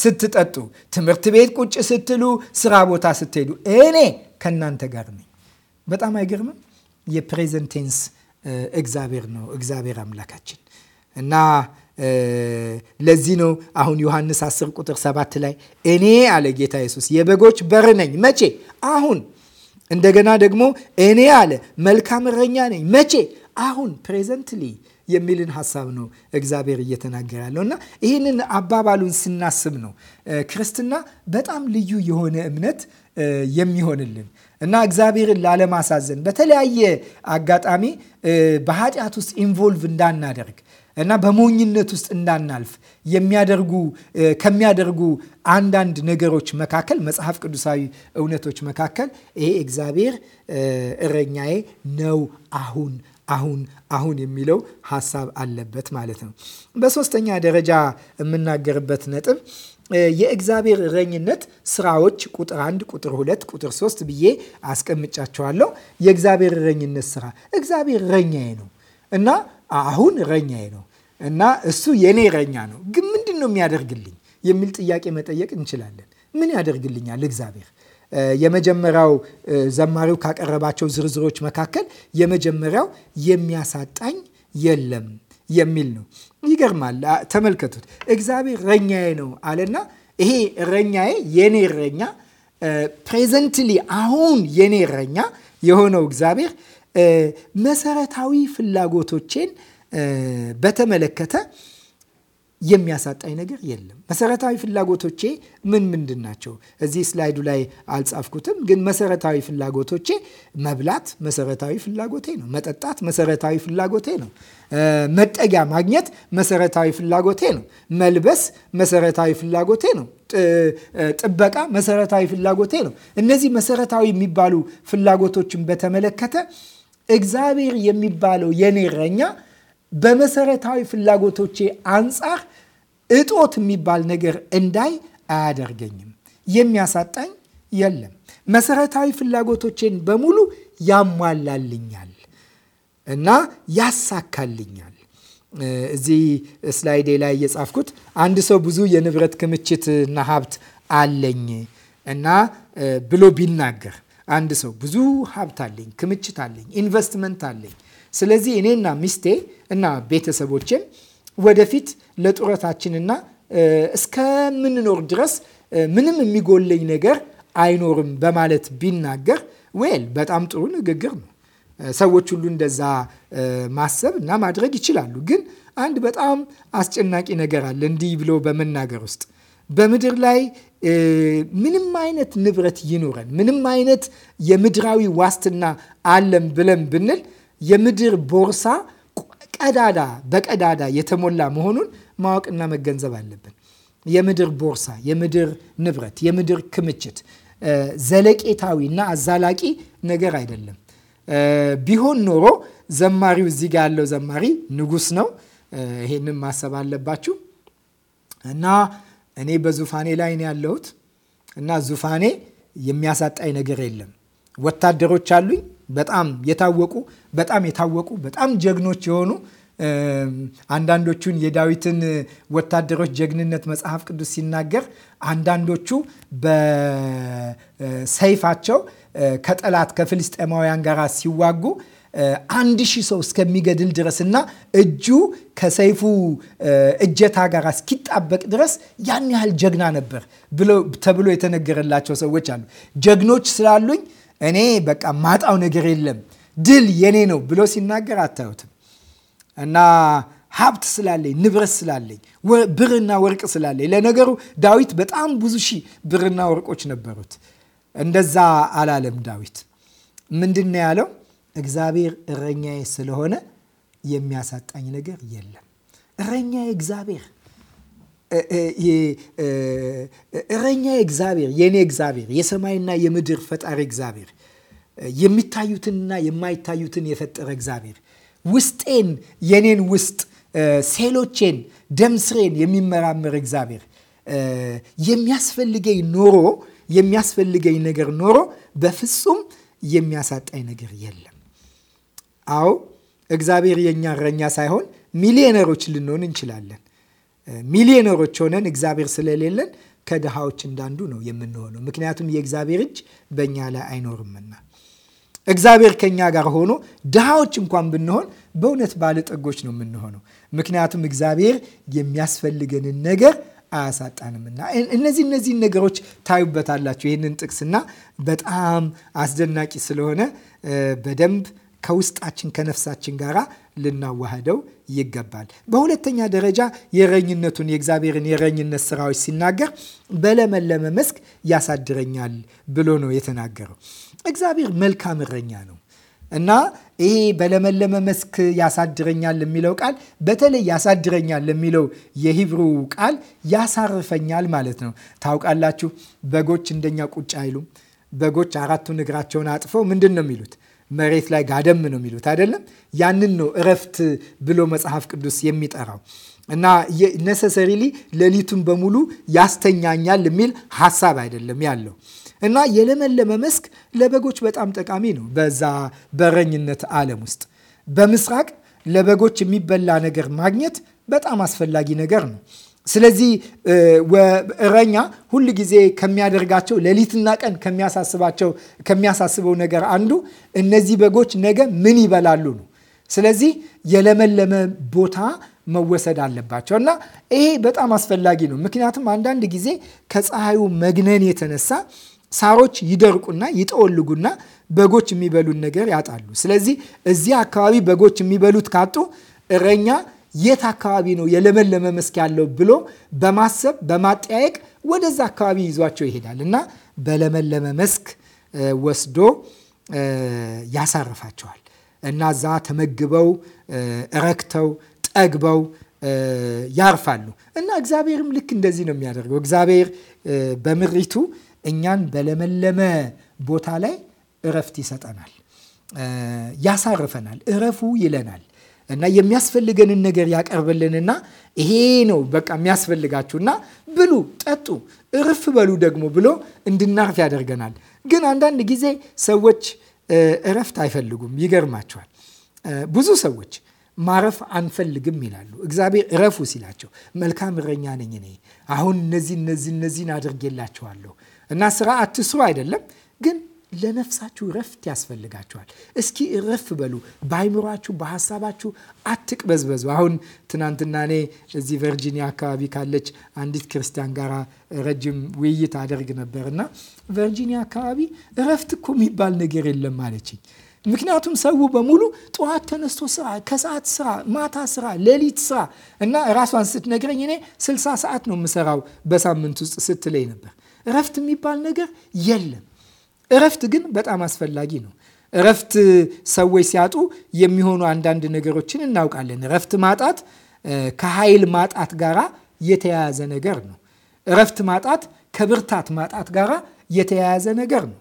ስትጠጡ፣ ትምህርት ቤት ቁጭ ስትሉ፣ ስራ ቦታ ስትሄዱ፣ እኔ ከእናንተ ጋር ነኝ። በጣም አይገርምም? የፕሬዘንቴንስ እግዚአብሔር ነው እግዚአብሔር አምላካችን እና ለዚህ ነው አሁን ዮሐንስ 10 ቁጥር 7 ላይ እኔ አለ ጌታ ኢየሱስ የበጎች በር ነኝ። መቼ? አሁን። እንደገና ደግሞ እኔ አለ መልካም እረኛ ነኝ። መቼ? አሁን ፕሬዘንትሊ የሚልን ሀሳብ ነው እግዚአብሔር እየተናገረ ያለው እና ይህንን አባባሉን ስናስብ ነው ክርስትና በጣም ልዩ የሆነ እምነት የሚሆንልን እና እግዚአብሔርን ላለማሳዘን በተለያየ አጋጣሚ በኃጢአት ውስጥ ኢንቮልቭ እንዳናደርግ እና በሞኝነት ውስጥ እንዳናልፍ የሚያደርጉ ከሚያደርጉ አንዳንድ ነገሮች መካከል መጽሐፍ ቅዱሳዊ እውነቶች መካከል ይሄ እግዚአብሔር እረኛዬ ነው አሁን አሁን አሁን የሚለው ሀሳብ አለበት ማለት ነው። በሶስተኛ ደረጃ የምናገርበት ነጥብ የእግዚአብሔር እረኝነት ስራዎች ቁጥር አንድ ቁጥር ሁለት ቁጥር ሶስት ብዬ አስቀምጫቸዋለሁ። የእግዚአብሔር እረኝነት ስራ እግዚአብሔር እረኛዬ ነው እና አሁን እረኛዬ ነው እና እሱ የኔ እረኛ ነው፣ ግን ምንድን ነው የሚያደርግልኝ የሚል ጥያቄ መጠየቅ እንችላለን። ምን ያደርግልኛል እግዚአብሔር? የመጀመሪያው ዘማሪው ካቀረባቸው ዝርዝሮች መካከል የመጀመሪያው የሚያሳጣኝ የለም የሚል ነው። ይገርማል። ተመልከቱት። እግዚአብሔር እረኛዬ ነው አለና ይሄ እረኛዬ የኔ እረኛ ፕሬዘንትሊ አሁን የኔ እረኛ የሆነው እግዚአብሔር መሰረታዊ ፍላጎቶቼን በተመለከተ የሚያሳጣኝ ነገር የለም። መሰረታዊ ፍላጎቶቼ ምን ምንድን ናቸው? እዚህ ስላይዱ ላይ አልጻፍኩትም፣ ግን መሰረታዊ ፍላጎቶቼ መብላት መሰረታዊ ፍላጎቴ ነው። መጠጣት መሰረታዊ ፍላጎቴ ነው። መጠጊያ ማግኘት መሰረታዊ ፍላጎቴ ነው። መልበስ መሰረታዊ ፍላጎቴ ነው። ጥበቃ መሰረታዊ ፍላጎቴ ነው። እነዚህ መሰረታዊ የሚባሉ ፍላጎቶችን በተመለከተ እግዚአብሔር የሚባለው የኔ እረኛ በመሰረታዊ ፍላጎቶቼ አንጻር እጦት የሚባል ነገር እንዳይ አያደርገኝም። የሚያሳጣኝ የለም። መሰረታዊ ፍላጎቶቼን በሙሉ ያሟላልኛል እና ያሳካልኛል። እዚህ ስላይዴ ላይ የጻፍኩት አንድ ሰው ብዙ የንብረት ክምችትና ሀብት አለኝ እና ብሎ ቢናገር አንድ ሰው ብዙ ሀብት አለኝ፣ ክምችት አለኝ፣ ኢንቨስትመንት አለኝ። ስለዚህ እኔና ሚስቴ እና ቤተሰቦቼም ወደፊት ለጡረታችንና እስከምንኖር ድረስ ምንም የሚጎለኝ ነገር አይኖርም በማለት ቢናገር ዌል በጣም ጥሩ ንግግር ነው። ሰዎች ሁሉ እንደዛ ማሰብ እና ማድረግ ይችላሉ። ግን አንድ በጣም አስጨናቂ ነገር አለ እንዲህ ብሎ በመናገር ውስጥ በምድር ላይ ምንም አይነት ንብረት ይኑረን፣ ምንም አይነት የምድራዊ ዋስትና አለን ብለን ብንል የምድር ቦርሳ ቀዳዳ በቀዳዳ የተሞላ መሆኑን ማወቅና መገንዘብ አለብን። የምድር ቦርሳ፣ የምድር ንብረት፣ የምድር ክምችት ዘለቄታዊ እና አዛላቂ ነገር አይደለም። ቢሆን ኖሮ ዘማሪው እዚህ ጋር ያለው ዘማሪ ንጉስ ነው። ይሄንን ማሰብ አለባችሁ እና እኔ በዙፋኔ ላይ ነው ያለሁት እና ዙፋኔ የሚያሳጣኝ ነገር የለም። ወታደሮች አሉኝ፣ በጣም የታወቁ በጣም የታወቁ በጣም ጀግኖች የሆኑ አንዳንዶቹን የዳዊትን ወታደሮች ጀግንነት መጽሐፍ ቅዱስ ሲናገር አንዳንዶቹ በሰይፋቸው ከጠላት ከፍልስጤማውያን ጋር ሲዋጉ አንድ ሺህ ሰው እስከሚገድል ድረስና እጁ ከሰይፉ እጀታ ጋር እስኪጣበቅ ድረስ ያን ያህል ጀግና ነበር ተብሎ የተነገረላቸው ሰዎች አሉ። ጀግኖች ስላሉኝ እኔ በቃ ማጣው ነገር የለም ድል የኔ ነው ብሎ ሲናገር አታዩትም እና ሀብት ስላለኝ ንብረት ስላለኝ ብርና ወርቅ ስላለኝ። ለነገሩ ዳዊት በጣም ብዙ ሺህ ብርና ወርቆች ነበሩት። እንደዛ አላለም ዳዊት ምንድን ነው ያለው? እግዚአብሔር እረኛዬ ስለሆነ የሚያሳጣኝ ነገር የለም። እረኛ እግዚአብሔር እረኛ እግዚአብሔር የእኔ እግዚአብሔር የሰማይና የምድር ፈጣሪ እግዚአብሔር የሚታዩትንና የማይታዩትን የፈጠረ እግዚአብሔር ውስጤን የኔን ውስጥ ሴሎቼን ደምስሬን የሚመራመር እግዚአብሔር የሚያስፈልገኝ ኖሮ የሚያስፈልገኝ ነገር ኖሮ በፍጹም የሚያሳጣኝ ነገር የለም። አዎ እግዚአብሔር የእኛ እረኛ ሳይሆን ሚሊዮነሮች ልንሆን እንችላለን። ሚሊዮነሮች ሆነን እግዚአብሔር ስለሌለን ከድሃዎች እንዳንዱ ነው የምንሆነው። ምክንያቱም የእግዚአብሔር እጅ በእኛ ላይ አይኖርምና እግዚአብሔር ከእኛ ጋር ሆኖ ድሃዎች እንኳን ብንሆን በእውነት ባለጠጎች ነው የምንሆነው። ምክንያቱም እግዚአብሔር የሚያስፈልገንን ነገር አያሳጣንምና እነዚህ እነዚህን ነገሮች ታዩበታላችሁ። ይህንን ጥቅስና በጣም አስደናቂ ስለሆነ በደንብ ከውስጣችን ከነፍሳችን ጋር ልናዋህደው ይገባል። በሁለተኛ ደረጃ የረኝነቱን የእግዚአብሔርን የረኝነት ስራዎች ሲናገር በለመለመ መስክ ያሳድረኛል ብሎ ነው የተናገረው። እግዚአብሔር መልካም እረኛ ነው እና ይሄ በለመለመ መስክ ያሳድረኛል የሚለው ቃል በተለይ ያሳድረኛል የሚለው የሂብሩ ቃል ያሳርፈኛል ማለት ነው። ታውቃላችሁ፣ በጎች እንደኛ ቁጭ አይሉም። በጎች አራቱን እግራቸውን አጥፈው ምንድን ነው የሚሉት? መሬት ላይ ጋደም ነው የሚሉት አይደለም። ያንን ነው እረፍት ብሎ መጽሐፍ ቅዱስ የሚጠራው እና ነሰሰሪሊ ሌሊቱን በሙሉ ያስተኛኛል የሚል ሀሳብ አይደለም ያለው እና የለመለመ መስክ ለበጎች በጣም ጠቃሚ ነው። በዛ በረኝነት ዓለም ውስጥ በምስራቅ ለበጎች የሚበላ ነገር ማግኘት በጣም አስፈላጊ ነገር ነው። ስለዚህ እረኛ ሁል ጊዜ ከሚያደርጋቸው ሌሊትና ቀን ከሚያሳስባቸው ከሚያሳስበው ነገር አንዱ እነዚህ በጎች ነገ ምን ይበላሉ ነው። ስለዚህ የለመለመ ቦታ መወሰድ አለባቸው እና ይሄ በጣም አስፈላጊ ነው። ምክንያቱም አንዳንድ ጊዜ ከፀሐዩ መግነን የተነሳ ሳሮች ይደርቁና ይጠወልጉና በጎች የሚበሉን ነገር ያጣሉ። ስለዚህ እዚህ አካባቢ በጎች የሚበሉት ካጡ እረኛ የት አካባቢ ነው የለመለመ መስክ ያለው ብሎ በማሰብ በማጠያየቅ ወደዛ አካባቢ ይዟቸው ይሄዳል እና በለመለመ መስክ ወስዶ ያሳርፋቸዋል እና እዛ ተመግበው ረክተው ጠግበው ያርፋሉ እና እግዚአብሔርም ልክ እንደዚህ ነው የሚያደርገው። እግዚአብሔር በምሪቱ እኛን በለመለመ ቦታ ላይ እረፍት ይሰጠናል፣ ያሳርፈናል፣ እረፉ ይለናል። እና የሚያስፈልገንን ነገር ያቀርብልንና ይሄ ነው በቃ የሚያስፈልጋችሁና ብሉ፣ ጠጡ፣ እርፍ በሉ ደግሞ ብሎ እንድናርፍ ያደርገናል። ግን አንዳንድ ጊዜ ሰዎች እረፍት አይፈልጉም። ይገርማቸዋል። ብዙ ሰዎች ማረፍ አንፈልግም ይላሉ። እግዚአብሔር እረፉ ሲላቸው መልካም እረኛ ነኝ እኔ አሁን እነዚህ እነዚህ እነዚህን አድርጌላቸዋለሁ እና ስራ አትስሩ አይደለም ግን ለነፍሳችሁ ረፍት ያስፈልጋችኋል። እስኪ ረፍ በሉ። በአይምሯችሁ፣ በሀሳባችሁ አትቅበዝበዙ። አሁን ትናንትና እኔ እዚህ ቨርጂኒያ አካባቢ ካለች አንዲት ክርስቲያን ጋር ረጅም ውይይት አደርግ ነበር እና ቨርጂኒያ አካባቢ ረፍት እኮ የሚባል ነገር የለም አለችኝ። ምክንያቱም ሰው በሙሉ ጠዋት ተነስቶ ስራ፣ ከሰዓት ስራ፣ ማታ ስራ፣ ሌሊት ስራ እና ራሷን ስትነግረኝ እኔ 60 ሰዓት ነው የምሰራው በሳምንት ውስጥ ስትለኝ ነበር። ረፍት የሚባል ነገር የለም። እረፍት ግን በጣም አስፈላጊ ነው። እረፍት ሰዎች ሲያጡ የሚሆኑ አንዳንድ ነገሮችን እናውቃለን። እረፍት ማጣት ከኃይል ማጣት ጋራ የተያያዘ ነገር ነው። እረፍት ማጣት ከብርታት ማጣት ጋራ የተያያዘ ነገር ነው።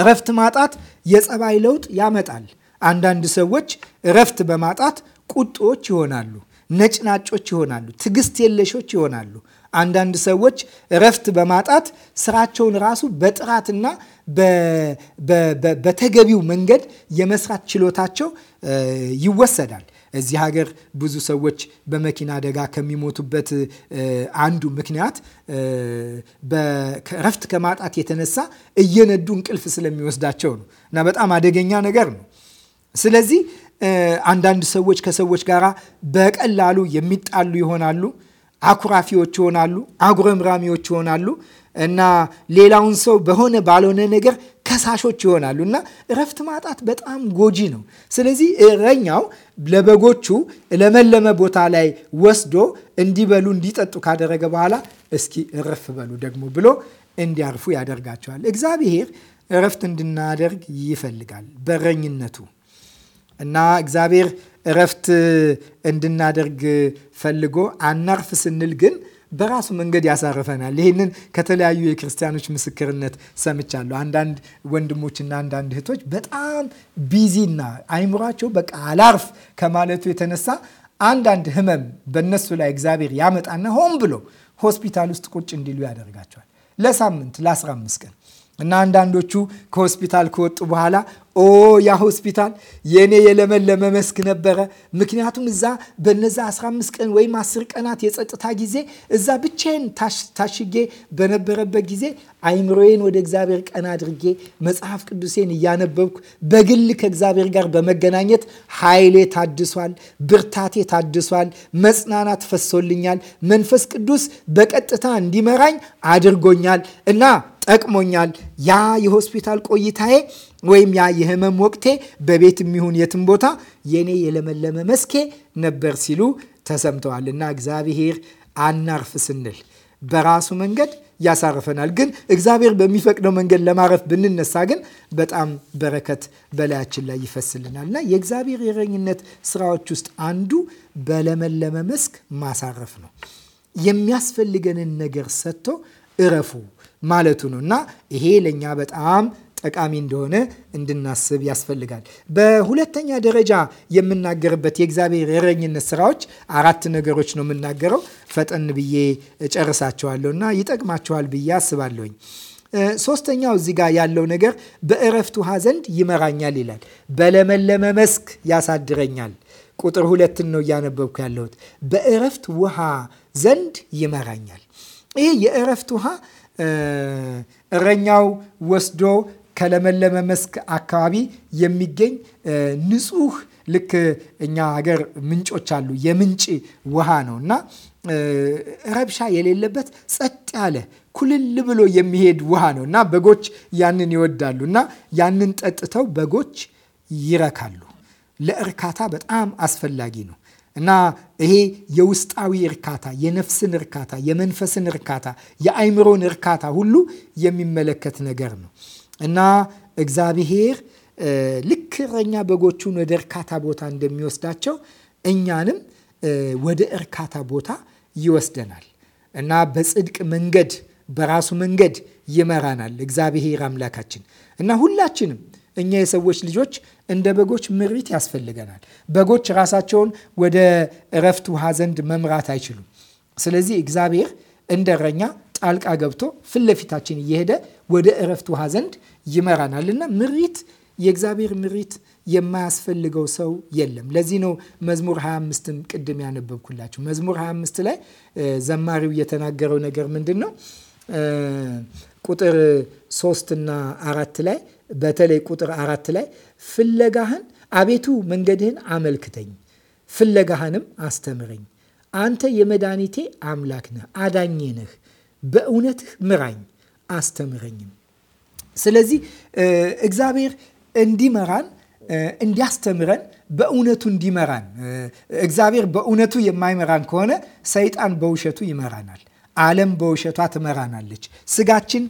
እረፍት ማጣት የጸባይ ለውጥ ያመጣል። አንዳንድ ሰዎች እረፍት በማጣት ቁጦዎች ይሆናሉ፣ ነጭናጮች ይሆናሉ፣ ትዕግስት የለሾች ይሆናሉ፣ አንዳንድ ሰዎች እረፍት በማጣት ስራቸውን ራሱ በጥራትና በተገቢው መንገድ የመስራት ችሎታቸው ይወሰዳል። እዚህ ሀገር ብዙ ሰዎች በመኪና አደጋ ከሚሞቱበት አንዱ ምክንያት እረፍት ከማጣት የተነሳ እየነዱ እንቅልፍ ስለሚወስዳቸው ነው እና በጣም አደገኛ ነገር ነው። ስለዚህ አንዳንድ ሰዎች ከሰዎች ጋር በቀላሉ የሚጣሉ ይሆናሉ። አኩራፊዎች ይሆናሉ፣ አጉረምራሚዎች ይሆናሉ እና ሌላውን ሰው በሆነ ባልሆነ ነገር ከሳሾች ይሆናሉ እና እረፍት ማጣት በጣም ጎጂ ነው። ስለዚህ እረኛው ለበጎቹ ለመለመ ቦታ ላይ ወስዶ እንዲበሉ እንዲጠጡ ካደረገ በኋላ እስኪ እረፍ በሉ ደግሞ ብሎ እንዲያርፉ ያደርጋቸዋል። እግዚአብሔር እረፍት እንድናደርግ ይፈልጋል በረኝነቱ እና እግዚአብሔር እረፍት እንድናደርግ ፈልጎ አናርፍ ስንል ግን በራሱ መንገድ ያሳርፈናል። ይህንን ከተለያዩ የክርስቲያኖች ምስክርነት ሰምቻለሁ። አንዳንድ ወንድሞችና አንዳንድ እህቶች በጣም ቢዚና አይምሯቸው በቃ አላርፍ ከማለቱ የተነሳ አንዳንድ ህመም በእነሱ ላይ እግዚአብሔር ያመጣና ሆን ብሎ ሆስፒታል ውስጥ ቁጭ እንዲሉ ያደርጋቸዋል ለሳምንት ለ15 ቀን እና አንዳንዶቹ ከሆስፒታል ከወጡ በኋላ ኦ ያ ሆስፒታል የእኔ የለመለመ መስክ ነበረ። ምክንያቱም እዛ በነዛ 15 ቀን ወይም 10 ቀናት የጸጥታ ጊዜ እዛ ብቻዬን ታሽጌ በነበረበት ጊዜ አይምሮዬን ወደ እግዚአብሔር ቀና አድርጌ መጽሐፍ ቅዱሴን እያነበብኩ በግል ከእግዚአብሔር ጋር በመገናኘት ኃይሌ ታድሷል፣ ብርታቴ ታድሷል፣ መጽናናት ፈሶልኛል፣ መንፈስ ቅዱስ በቀጥታ እንዲመራኝ አድርጎኛል እና ጠቅሞኛል። ያ የሆስፒታል ቆይታዬ ወይም ያ የህመም ወቅቴ በቤት የሚሆን የትም ቦታ የኔ የለመለመ መስኬ ነበር ሲሉ ተሰምተዋል። እና እግዚአብሔር አናርፍ ስንል በራሱ መንገድ ያሳርፈናል። ግን እግዚአብሔር በሚፈቅደው መንገድ ለማረፍ ብንነሳ ግን በጣም በረከት በላያችን ላይ ይፈስልናል እና የእግዚአብሔር የረኝነት ስራዎች ውስጥ አንዱ በለመለመ መስክ ማሳረፍ ነው። የሚያስፈልገንን ነገር ሰጥቶ እረፉ ማለቱ ነው እና ይሄ ለእኛ በጣም ጠቃሚ እንደሆነ እንድናስብ ያስፈልጋል። በሁለተኛ ደረጃ የምናገርበት የእግዚአብሔር የረኝነት ስራዎች አራት ነገሮች ነው የምናገረው። ፈጠን ብዬ ጨርሳቸዋለሁ እና ይጠቅማቸዋል ብዬ አስባለሁኝ። ሶስተኛው እዚህ ጋር ያለው ነገር በእረፍት ውሃ ዘንድ ይመራኛል ይላል። በለመለመ መስክ ያሳድረኛል። ቁጥር ሁለትን ነው እያነበብኩ ያለሁት። በእረፍት ውሃ ዘንድ ይመራኛል። ይሄ የእረፍት ውሃ እረኛው ወስዶ ከለመለመ መስክ አካባቢ የሚገኝ ንጹህ ልክ እኛ ሀገር ምንጮች አሉ የምንጭ ውሃ ነው እና ረብሻ የሌለበት ጸጥ ያለ ኩልል ብሎ የሚሄድ ውሃ ነው እና በጎች ያንን ይወዳሉ እና ያንን ጠጥተው በጎች ይረካሉ። ለእርካታ በጣም አስፈላጊ ነው። እና ይሄ የውስጣዊ እርካታ፣ የነፍስን እርካታ፣ የመንፈስን እርካታ፣ የአይምሮን እርካታ ሁሉ የሚመለከት ነገር ነው እና እግዚአብሔር ልክ እረኛ በጎቹን ወደ እርካታ ቦታ እንደሚወስዳቸው እኛንም ወደ እርካታ ቦታ ይወስደናል እና በጽድቅ መንገድ በራሱ መንገድ ይመራናል እግዚአብሔር አምላካችን እና ሁላችንም እኛ የሰዎች ልጆች እንደ በጎች ምሪት ያስፈልገናል። በጎች ራሳቸውን ወደ እረፍት ውሃ ዘንድ መምራት አይችሉም። ስለዚህ እግዚአብሔር እንደ እረኛ ጣልቃ ገብቶ ፊት ለፊታችን እየሄደ ወደ እረፍት ውሃ ዘንድ ይመራናል እና ምሪት የእግዚአብሔር ምሪት የማያስፈልገው ሰው የለም። ለዚህ ነው መዝሙር 25ም ቅድም ያነበብኩላችሁ መዝሙር 25 ላይ ዘማሪው የተናገረው ነገር ምንድን ነው? ቁጥር ሶስት እና አራት ላይ በተለይ ቁጥር አራት ላይ ፍለጋህን አቤቱ መንገድህን አመልክተኝ፣ ፍለጋህንም አስተምረኝ። አንተ የመድኃኒቴ አምላክ ነህ፣ አዳኜ ነህ። በእውነትህ ምራኝ አስተምረኝም። ስለዚህ እግዚአብሔር እንዲመራን እንዲያስተምረን በእውነቱ እንዲመራን እግዚአብሔር በእውነቱ የማይመራን ከሆነ ሰይጣን በውሸቱ ይመራናል። ዓለም በውሸቷ ትመራናለች። ስጋችን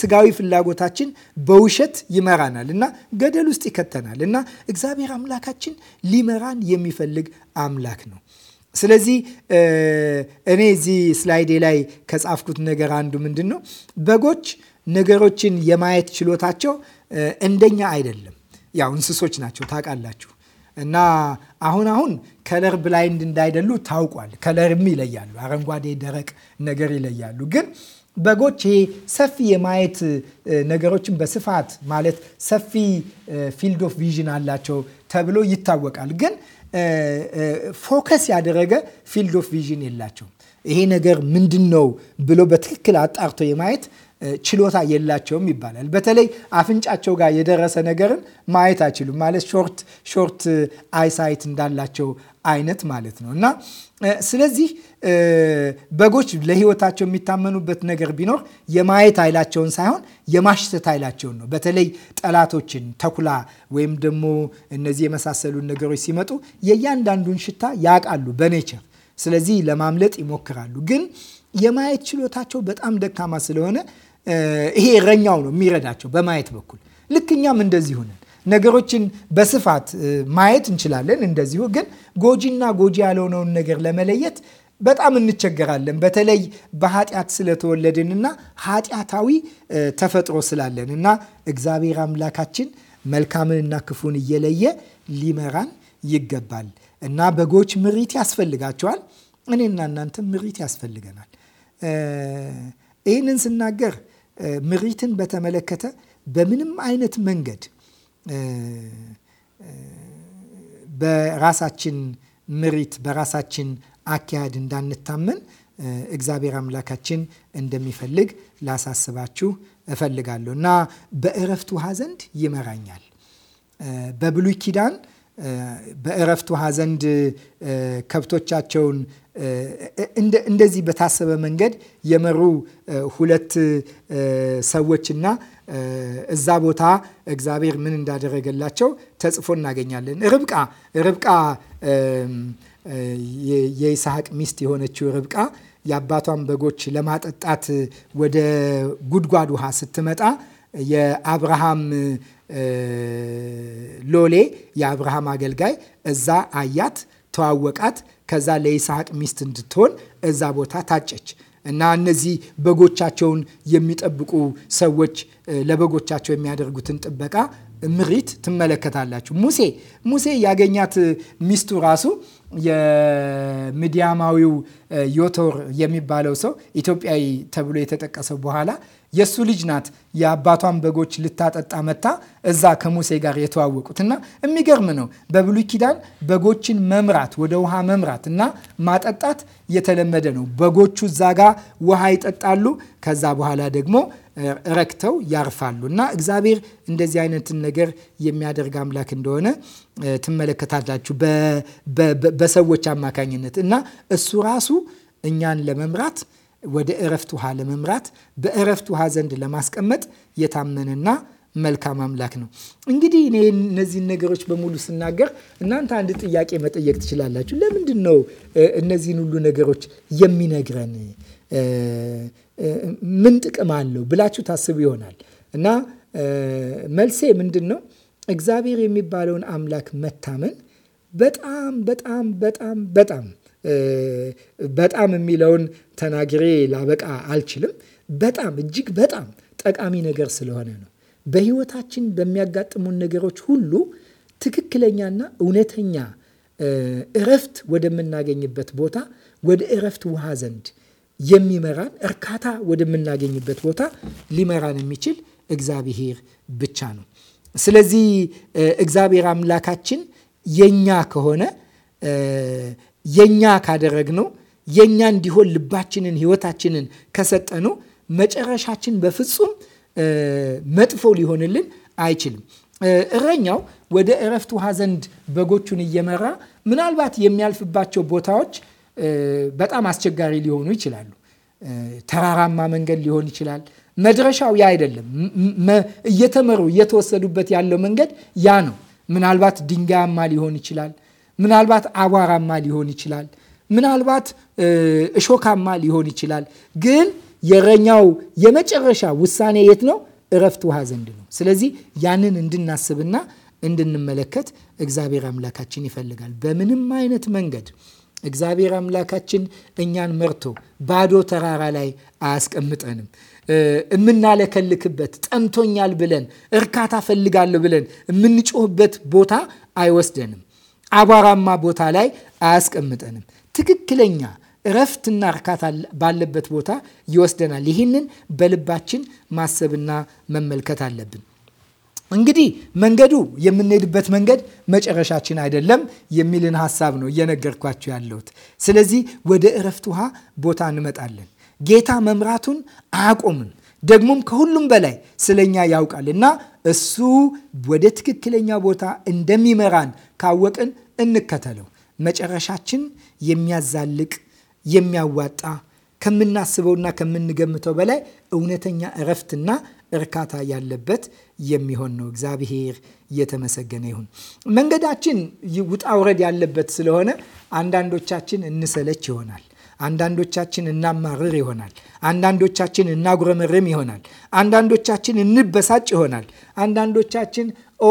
ስጋዊ ፍላጎታችን በውሸት ይመራናል እና ገደል ውስጥ ይከተናል እና እግዚአብሔር አምላካችን ሊመራን የሚፈልግ አምላክ ነው። ስለዚህ እኔ እዚህ ስላይዴ ላይ ከጻፍኩት ነገር አንዱ ምንድን ነው፣ በጎች ነገሮችን የማየት ችሎታቸው እንደኛ አይደለም። ያው እንስሶች ናቸው ታውቃላችሁ። እና አሁን አሁን ከለር ብላይንድ እንዳይደሉ ታውቋል። ከለርም ይለያሉ፣ አረንጓዴ ደረቅ ነገር ይለያሉ። ግን በጎች ይሄ ሰፊ የማየት ነገሮችን በስፋት ማለት ሰፊ ፊልድ ኦፍ ቪዥን አላቸው ተብሎ ይታወቃል። ግን ፎከስ ያደረገ ፊልድ ኦፍ ቪዥን የላቸውም። ይሄ ነገር ምንድን ነው ብሎ በትክክል አጣርቶ የማየት ችሎታ የላቸውም ይባላል። በተለይ አፍንጫቸው ጋር የደረሰ ነገርን ማየት አይችሉም። ማለት ሾርት ሾርት አይሳይት እንዳላቸው አይነት ማለት ነው እና ስለዚህ በጎች ለህይወታቸው የሚታመኑበት ነገር ቢኖር የማየት ኃይላቸውን ሳይሆን የማሽተት ኃይላቸውን ነው። በተለይ ጠላቶችን፣ ተኩላ ወይም ደግሞ እነዚህ የመሳሰሉን ነገሮች ሲመጡ የእያንዳንዱን ሽታ ያውቃሉ በኔቸር ስለዚህ ለማምለጥ ይሞክራሉ። ግን የማየት ችሎታቸው በጣም ደካማ ስለሆነ ይሄ እረኛው ነው የሚረዳቸው በማየት በኩል ልክ እኛም እንደዚሁ ነን። ነገሮችን በስፋት ማየት እንችላለን። እንደዚሁ ግን ጎጂና ጎጂ ያልሆነውን ነገር ለመለየት በጣም እንቸገራለን። በተለይ በኃጢአት ስለተወለድንና ኃጢአታዊ ተፈጥሮ ስላለን እና እግዚአብሔር አምላካችን መልካምንና ክፉን እየለየ ሊመራን ይገባል እና በጎች ምሪት ያስፈልጋቸዋል። እኔና እናንተም ምሪት ያስፈልገናል። ይህንን ስናገር ምሪትን በተመለከተ በምንም አይነት መንገድ በራሳችን ምሪት በራሳችን አካሄድ እንዳንታመን እግዚአብሔር አምላካችን እንደሚፈልግ ላሳስባችሁ እፈልጋለሁ እና በእረፍት ውሃ ዘንድ ይመራኛል። በብሉይ ኪዳን በእረፍት ውሃ ዘንድ ከብቶቻቸውን እንደዚህ በታሰበ መንገድ የመሩ ሁለት ሰዎችና እዛ ቦታ እግዚአብሔር ምን እንዳደረገላቸው ተጽፎ እናገኛለን። ርብቃ ርብቃ የይስሐቅ ሚስት የሆነችው ርብቃ የአባቷን በጎች ለማጠጣት ወደ ጉድጓድ ውሃ ስትመጣ የአብርሃም ሎሌ የአብርሃም አገልጋይ እዛ አያት፣ ተዋወቃት። ከዛ ለይስሐቅ ሚስት እንድትሆን እዛ ቦታ ታጨች። እና እነዚህ በጎቻቸውን የሚጠብቁ ሰዎች ለበጎቻቸው የሚያደርጉትን ጥበቃ ምሪት ትመለከታላችሁ። ሙሴ ሙሴ ያገኛት ሚስቱ ራሱ የሚዲያማዊው ዮቶር የሚባለው ሰው ኢትዮጵያዊ ተብሎ የተጠቀሰው በኋላ የእሱ ልጅ ናት የአባቷን በጎች ልታጠጣ መታ እዛ ከሙሴ ጋር የተዋወቁት እና የሚገርም ነው። በብሉይ ኪዳን በጎችን መምራት ወደ ውሃ መምራት እና ማጠጣት የተለመደ ነው። በጎቹ እዛ ጋ ውሃ ይጠጣሉ። ከዛ በኋላ ደግሞ ረክተው ያርፋሉ እና እግዚአብሔር እንደዚህ አይነትን ነገር የሚያደርግ አምላክ እንደሆነ ትመለከታላችሁ በሰዎች አማካኝነት እና እሱ ራሱ እኛን ለመምራት ወደ እረፍት ውሃ ለመምራት በእረፍት ውሃ ዘንድ ለማስቀመጥ የታመነና መልካም አምላክ ነው። እንግዲህ እኔ እነዚህን ነገሮች በሙሉ ስናገር እናንተ አንድ ጥያቄ መጠየቅ ትችላላችሁ። ለምንድን ነው እነዚህን ሁሉ ነገሮች የሚነግረን? ምን ጥቅም አለው ብላችሁ ታስቡ ይሆናል እና መልሴ ምንድን ነው? እግዚአብሔር የሚባለውን አምላክ መታመን በጣም በጣም በጣም በጣም በጣም የሚለውን ተናግሬ ላበቃ አልችልም። በጣም እጅግ በጣም ጠቃሚ ነገር ስለሆነ ነው። በህይወታችን በሚያጋጥሙን ነገሮች ሁሉ ትክክለኛና እውነተኛ እረፍት ወደምናገኝበት ቦታ ወደ እረፍት ውሃ ዘንድ የሚመራን እርካታ ወደምናገኝበት ቦታ ሊመራን የሚችል እግዚአብሔር ብቻ ነው። ስለዚህ እግዚአብሔር አምላካችን የኛ ከሆነ የኛ ካደረግነው የኛ እንዲሆን ልባችንን ህይወታችንን ነው መጨረሻችን በፍጹም መጥፎ ሊሆንልን አይችልም። እረኛው ወደ እረፍት ውሃ ዘንድ በጎቹን እየመራ ምናልባት የሚያልፍባቸው ቦታዎች በጣም አስቸጋሪ ሊሆኑ ይችላሉ። ተራራማ መንገድ ሊሆን ይችላል። መድረሻው ያ አይደለም። እየተመሩ እየተወሰዱበት ያለው መንገድ ያ ነው። ምናልባት ድንጋያማ ሊሆን ይችላል። ምናልባት አቧራማ ሊሆን ይችላል። ምናልባት እሾካማ ሊሆን ይችላል። ግን የእረኛው የመጨረሻ ውሳኔ የት ነው? እረፍት ውሃ ዘንድ ነው። ስለዚህ ያንን እንድናስብና እንድንመለከት እግዚአብሔር አምላካችን ይፈልጋል። በምንም አይነት መንገድ እግዚአብሔር አምላካችን እኛን መርቶ ባዶ ተራራ ላይ አያስቀምጠንም። የምናለከልክበት ጠምቶኛል ብለን እርካታ ፈልጋለሁ ብለን የምንጮህበት ቦታ አይወስደንም። አቧራማ ቦታ ላይ አያስቀምጠንም። ትክክለኛ እረፍትና እርካታ ባለበት ቦታ ይወስደናል። ይህንን በልባችን ማሰብና መመልከት አለብን። እንግዲህ መንገዱ የምንሄድበት መንገድ መጨረሻችን አይደለም የሚልን ሀሳብ ነው እየነገርኳቸው ያለሁት። ስለዚህ ወደ እረፍት ውሃ ቦታ እንመጣለን። ጌታ መምራቱን አያቆምም። ደግሞም ከሁሉም በላይ ስለኛ ያውቃል እና እሱ ወደ ትክክለኛ ቦታ እንደሚመራን ካወቅን እንከተለው። መጨረሻችን የሚያዛልቅ የሚያዋጣ ከምናስበውና ከምንገምተው በላይ እውነተኛ እረፍትና እርካታ ያለበት የሚሆን ነው። እግዚአብሔር እየተመሰገነ ይሁን። መንገዳችን ውጣ ውረድ ያለበት ስለሆነ አንዳንዶቻችን እንሰለች ይሆናል። አንዳንዶቻችን እናማርር ይሆናል። አንዳንዶቻችን እናጉረመርም ይሆናል። አንዳንዶቻችን እንበሳጭ ይሆናል። አንዳንዶቻችን ኦ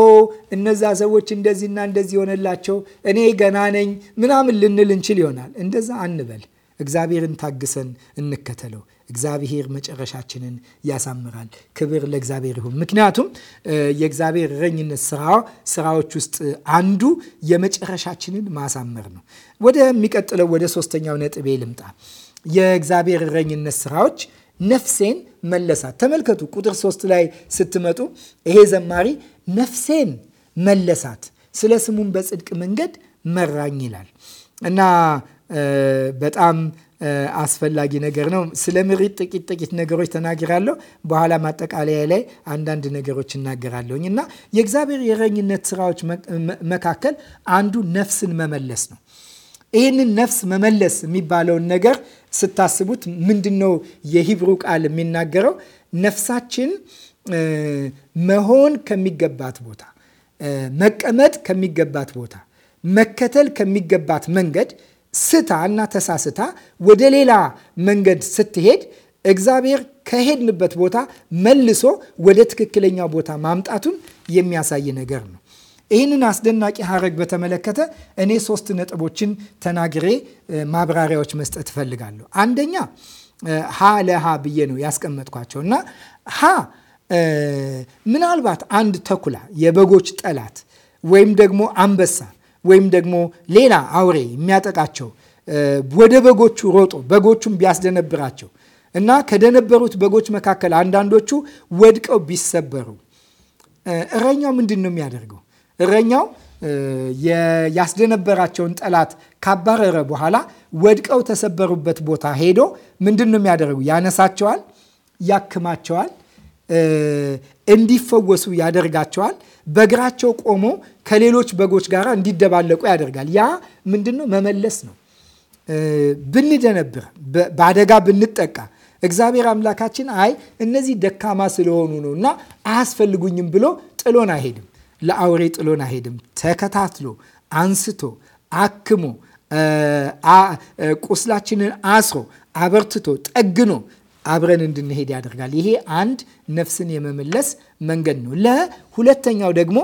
እነዛ ሰዎች እንደዚህና እንደዚህ የሆነላቸው እኔ ገና ነኝ ምናምን ልንል እንችል ይሆናል። እንደዛ አንበል። እግዚአብሔርን ታግሰን እንከተለው። እግዚአብሔር መጨረሻችንን ያሳምራል። ክብር ለእግዚአብሔር ይሁን። ምክንያቱም የእግዚአብሔር እረኝነት ስራ ስራዎች ውስጥ አንዱ የመጨረሻችንን ማሳመር ነው። ወደሚቀጥለው ወደ ሶስተኛው ነጥቤ ልምጣ። የእግዚአብሔር እረኝነት ስራዎች ነፍሴን መለሳት። ተመልከቱ ቁጥር ሶስት ላይ ስትመጡ ይሄ ዘማሪ ነፍሴን መለሳት፣ ስለ ስሙን በጽድቅ መንገድ መራኝ ይላል እና በጣም አስፈላጊ ነገር ነው። ስለ ምሪት ጥቂት ጥቂት ነገሮች ተናግራለሁ። በኋላ ማጠቃለያ ላይ አንዳንድ ነገሮች እናገራለሁኝ እና የእግዚአብሔር የረኝነት ስራዎች መካከል አንዱ ነፍስን መመለስ ነው። ይህንን ነፍስ መመለስ የሚባለውን ነገር ስታስቡት ምንድን ነው የሂብሩ ቃል የሚናገረው? ነፍሳችን መሆን ከሚገባት ቦታ፣ መቀመጥ ከሚገባት ቦታ፣ መከተል ከሚገባት መንገድ ስታ እና ተሳስታ ወደ ሌላ መንገድ ስትሄድ እግዚአብሔር ከሄድንበት ቦታ መልሶ ወደ ትክክለኛው ቦታ ማምጣቱን የሚያሳይ ነገር ነው። ይህንን አስደናቂ ሀረግ በተመለከተ እኔ ሶስት ነጥቦችን ተናግሬ ማብራሪያዎች መስጠት እፈልጋለሁ። አንደኛ ሀ ለሀ ብዬ ነው ያስቀመጥኳቸው እና ሀ ምናልባት አንድ ተኩላ የበጎች ጠላት ወይም ደግሞ አንበሳ ወይም ደግሞ ሌላ አውሬ የሚያጠቃቸው ወደ በጎቹ ሮጦ በጎቹም ቢያስደነብራቸው እና ከደነበሩት በጎች መካከል አንዳንዶቹ ወድቀው ቢሰበሩ እረኛው ምንድን ነው የሚያደርገው? እረኛው ያስደነበራቸውን ጠላት ካባረረ በኋላ ወድቀው ተሰበሩበት ቦታ ሄዶ ምንድን ነው የሚያደርገው? ያነሳቸዋል፣ ያክማቸዋል እንዲፈወሱ ያደርጋቸዋል። በእግራቸው ቆሞ ከሌሎች በጎች ጋር እንዲደባለቁ ያደርጋል። ያ ምንድን ነው? መመለስ ነው። ብንደነብር፣ በአደጋ ብንጠቃ እግዚአብሔር አምላካችን አይ እነዚህ ደካማ ስለሆኑ ነው እና አያስፈልጉኝም ብሎ ጥሎን አይሄድም። ለአውሬ ጥሎን አይሄድም። ተከታትሎ አንስቶ አክሞ ቁስላችንን አስሮ አበርትቶ ጠግኖ አብረን እንድንሄድ ያደርጋል። ይሄ አንድ ነፍስን የመመለስ መንገድ ነው። ለሁለተኛው ደግሞ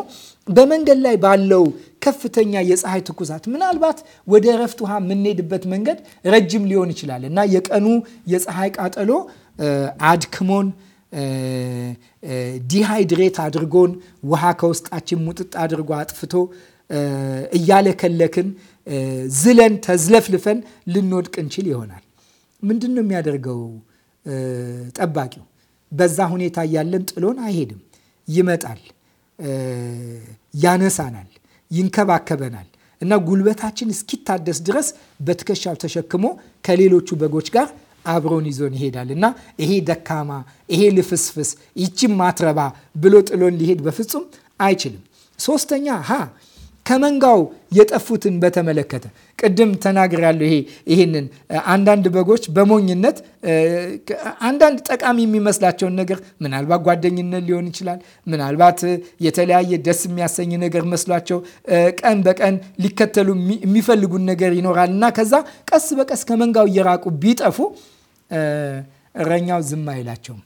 በመንገድ ላይ ባለው ከፍተኛ የፀሐይ ትኩሳት ምናልባት ወደ እረፍት ውሃ የምንሄድበት መንገድ ረጅም ሊሆን ይችላል እና የቀኑ የፀሐይ ቃጠሎ አድክሞን ዲሃይድሬት አድርጎን ውሃ ከውስጣችን ሙጥጥ አድርጎ አጥፍቶ እያለከለክን ዝለን ተዝለፍልፈን ልንወድቅ እንችል ይሆናል። ምንድን ነው የሚያደርገው ጠባቂው። በዛ ሁኔታ እያለን ጥሎን አይሄድም፣ ይመጣል፣ ያነሳናል፣ ይንከባከበናል እና ጉልበታችን እስኪታደስ ድረስ በትከሻው ተሸክሞ ከሌሎቹ በጎች ጋር አብሮን ይዞን ይሄዳል እና ይሄ ደካማ፣ ይሄ ልፍስፍስ፣ ይቺም ማትረባ ብሎ ጥሎን ሊሄድ በፍጹም አይችልም። ሶስተኛ ሃ። ከመንጋው የጠፉትን በተመለከተ ቅድም ተናግሬያለሁ። ይሄ ይሄንን አንዳንድ በጎች በሞኝነት አንዳንድ ጠቃሚ የሚመስላቸውን ነገር ምናልባት ጓደኝነት ሊሆን ይችላል፣ ምናልባት የተለያየ ደስ የሚያሰኝ ነገር መስሏቸው ቀን በቀን ሊከተሉ የሚፈልጉን ነገር ይኖራል እና ከዛ ቀስ በቀስ ከመንጋው እየራቁ ቢጠፉ እረኛው ዝም አይላቸውም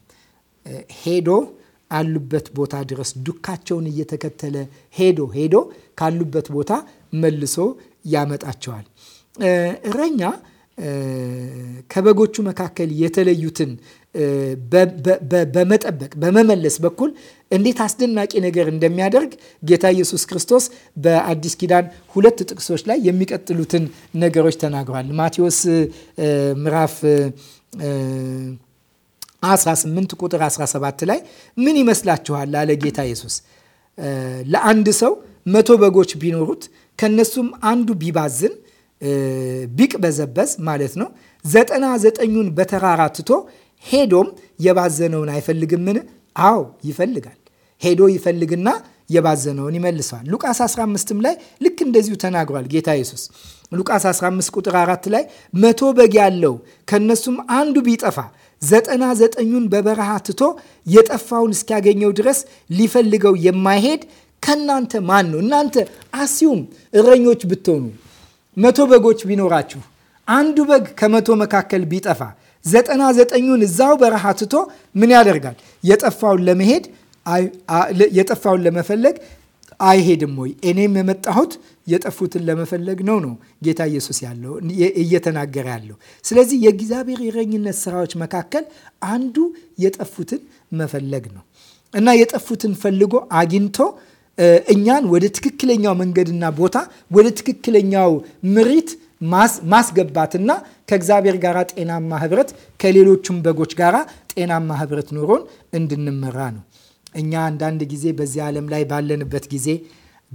ሄዶ አሉበት ቦታ ድረስ ዱካቸውን እየተከተለ ሄዶ ሄዶ ካሉበት ቦታ መልሶ ያመጣቸዋል። እረኛ ከበጎቹ መካከል የተለዩትን በመጠበቅ በመመለስ በኩል እንዴት አስደናቂ ነገር እንደሚያደርግ ጌታ ኢየሱስ ክርስቶስ በአዲስ ኪዳን ሁለት ጥቅሶች ላይ የሚቀጥሉትን ነገሮች ተናግሯል። ማቴዎስ ምዕራፍ 18 ቁጥር 17 ላይ ምን ይመስላችኋል አለ ጌታ ኢየሱስ። ለአንድ ሰው መቶ በጎች ቢኖሩት ከነሱም አንዱ ቢባዝን ቢቅበዘበዝ ማለት ነው ዘጠና ዘጠኙን በተራራ ትቶ ሄዶም የባዘነውን አይፈልግምን? አዎ ይፈልጋል። ሄዶ ይፈልግና የባዘነውን ይመልሰዋል። ሉቃስ 15ም ላይ ልክ እንደዚሁ ተናግሯል ጌታ ኢየሱስ። ሉቃስ 15 ቁጥር 4 ላይ መቶ በግ ያለው ከነሱም አንዱ ቢጠፋ ዘጠና ዘጠኙን በበረሃ ትቶ የጠፋውን እስኪያገኘው ድረስ ሊፈልገው የማይሄድ ከእናንተ ማን ነው? እናንተ አስዩም እረኞች ብትሆኑ መቶ በጎች ቢኖራችሁ አንዱ በግ ከመቶ መካከል ቢጠፋ ዘጠና ዘጠኙን እዛው በረሃ ትቶ ምን ያደርጋል? የጠፋውን ለመሄድ የጠፋውን ለመፈለግ አይሄድም ወይ? እኔም የመጣሁት የጠፉትን ለመፈለግ ነው ነው ጌታ ኢየሱስ ያለው እየተናገረ ያለው። ስለዚህ የእግዚአብሔር የረኝነት ስራዎች መካከል አንዱ የጠፉትን መፈለግ ነው እና የጠፉትን ፈልጎ አግኝቶ እኛን ወደ ትክክለኛው መንገድና ቦታ ወደ ትክክለኛው ምሪት ማስገባትና ከእግዚአብሔር ጋር ጤናማ ህብረት ከሌሎቹም በጎች ጋር ጤናማ ህብረት ኖሮን እንድንመራ ነው። እኛ አንዳንድ ጊዜ በዚህ ዓለም ላይ ባለንበት ጊዜ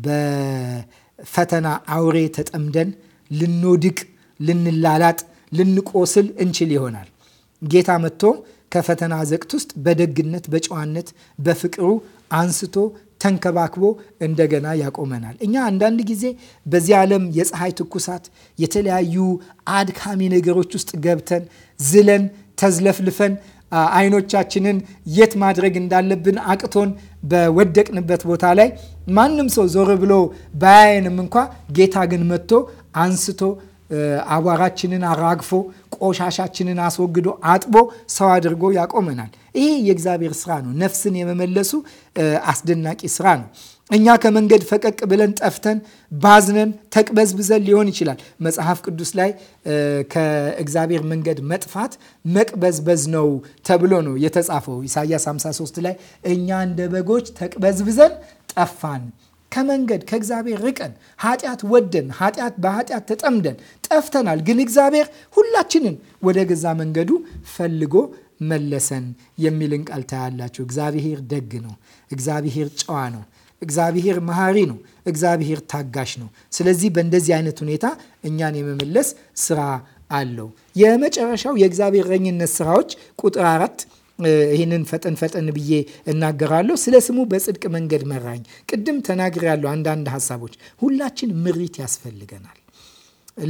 በፈተና አውሬ ተጠምደን ልንወድቅ፣ ልንላላጥ፣ ልንቆስል እንችል ይሆናል። ጌታ መጥቶ ከፈተና ዘቅት ውስጥ በደግነት፣ በጨዋነት፣ በፍቅሩ አንስቶ ተንከባክቦ እንደገና ያቆመናል። እኛ አንዳንድ ጊዜ በዚህ ዓለም የፀሐይ ትኩሳት፣ የተለያዩ አድካሚ ነገሮች ውስጥ ገብተን ዝለን ተዝለፍልፈን አይኖቻችንን የት ማድረግ እንዳለብን አቅቶን በወደቅንበት ቦታ ላይ ማንም ሰው ዞር ብሎ ባያየንም እንኳ ጌታ ግን መጥቶ አንስቶ አቧራችንን አራግፎ ቆሻሻችንን አስወግዶ አጥቦ ሰው አድርጎ ያቆመናል። ይህ የእግዚአብሔር ስራ ነው። ነፍስን የመመለሱ አስደናቂ ስራ ነው። እኛ ከመንገድ ፈቀቅ ብለን ጠፍተን ባዝነን ተቅበዝብዘን ሊሆን ይችላል። መጽሐፍ ቅዱስ ላይ ከእግዚአብሔር መንገድ መጥፋት መቅበዝበዝ ነው ተብሎ ነው የተጻፈው። ኢሳያስ 53 ላይ እኛ እንደ በጎች ተቅበዝብዘን ጠፋን፣ ከመንገድ ከእግዚአብሔር ርቀን ኃጢአት ወደን ኃጢአት በኃጢአት ተጠምደን ጠፍተናል። ግን እግዚአብሔር ሁላችንን ወደ ገዛ መንገዱ ፈልጎ መለሰን የሚልን ቃል ታያላችሁ። እግዚአብሔር ደግ ነው። እግዚአብሔር ጨዋ ነው። እግዚአብሔር መሐሪ ነው። እግዚአብሔር ታጋሽ ነው። ስለዚህ በእንደዚህ አይነት ሁኔታ እኛን የመመለስ ስራ አለው። የመጨረሻው የእግዚአብሔር እረኝነት ስራዎች ቁጥር አራት ይህንን ፈጠን ፈጠን ብዬ እናገራለሁ። ስለ ስሙ በጽድቅ መንገድ መራኝ። ቅድም ተናግሬያለሁ። አንዳንድ ሀሳቦች ሁላችን ምሪት ያስፈልገናል።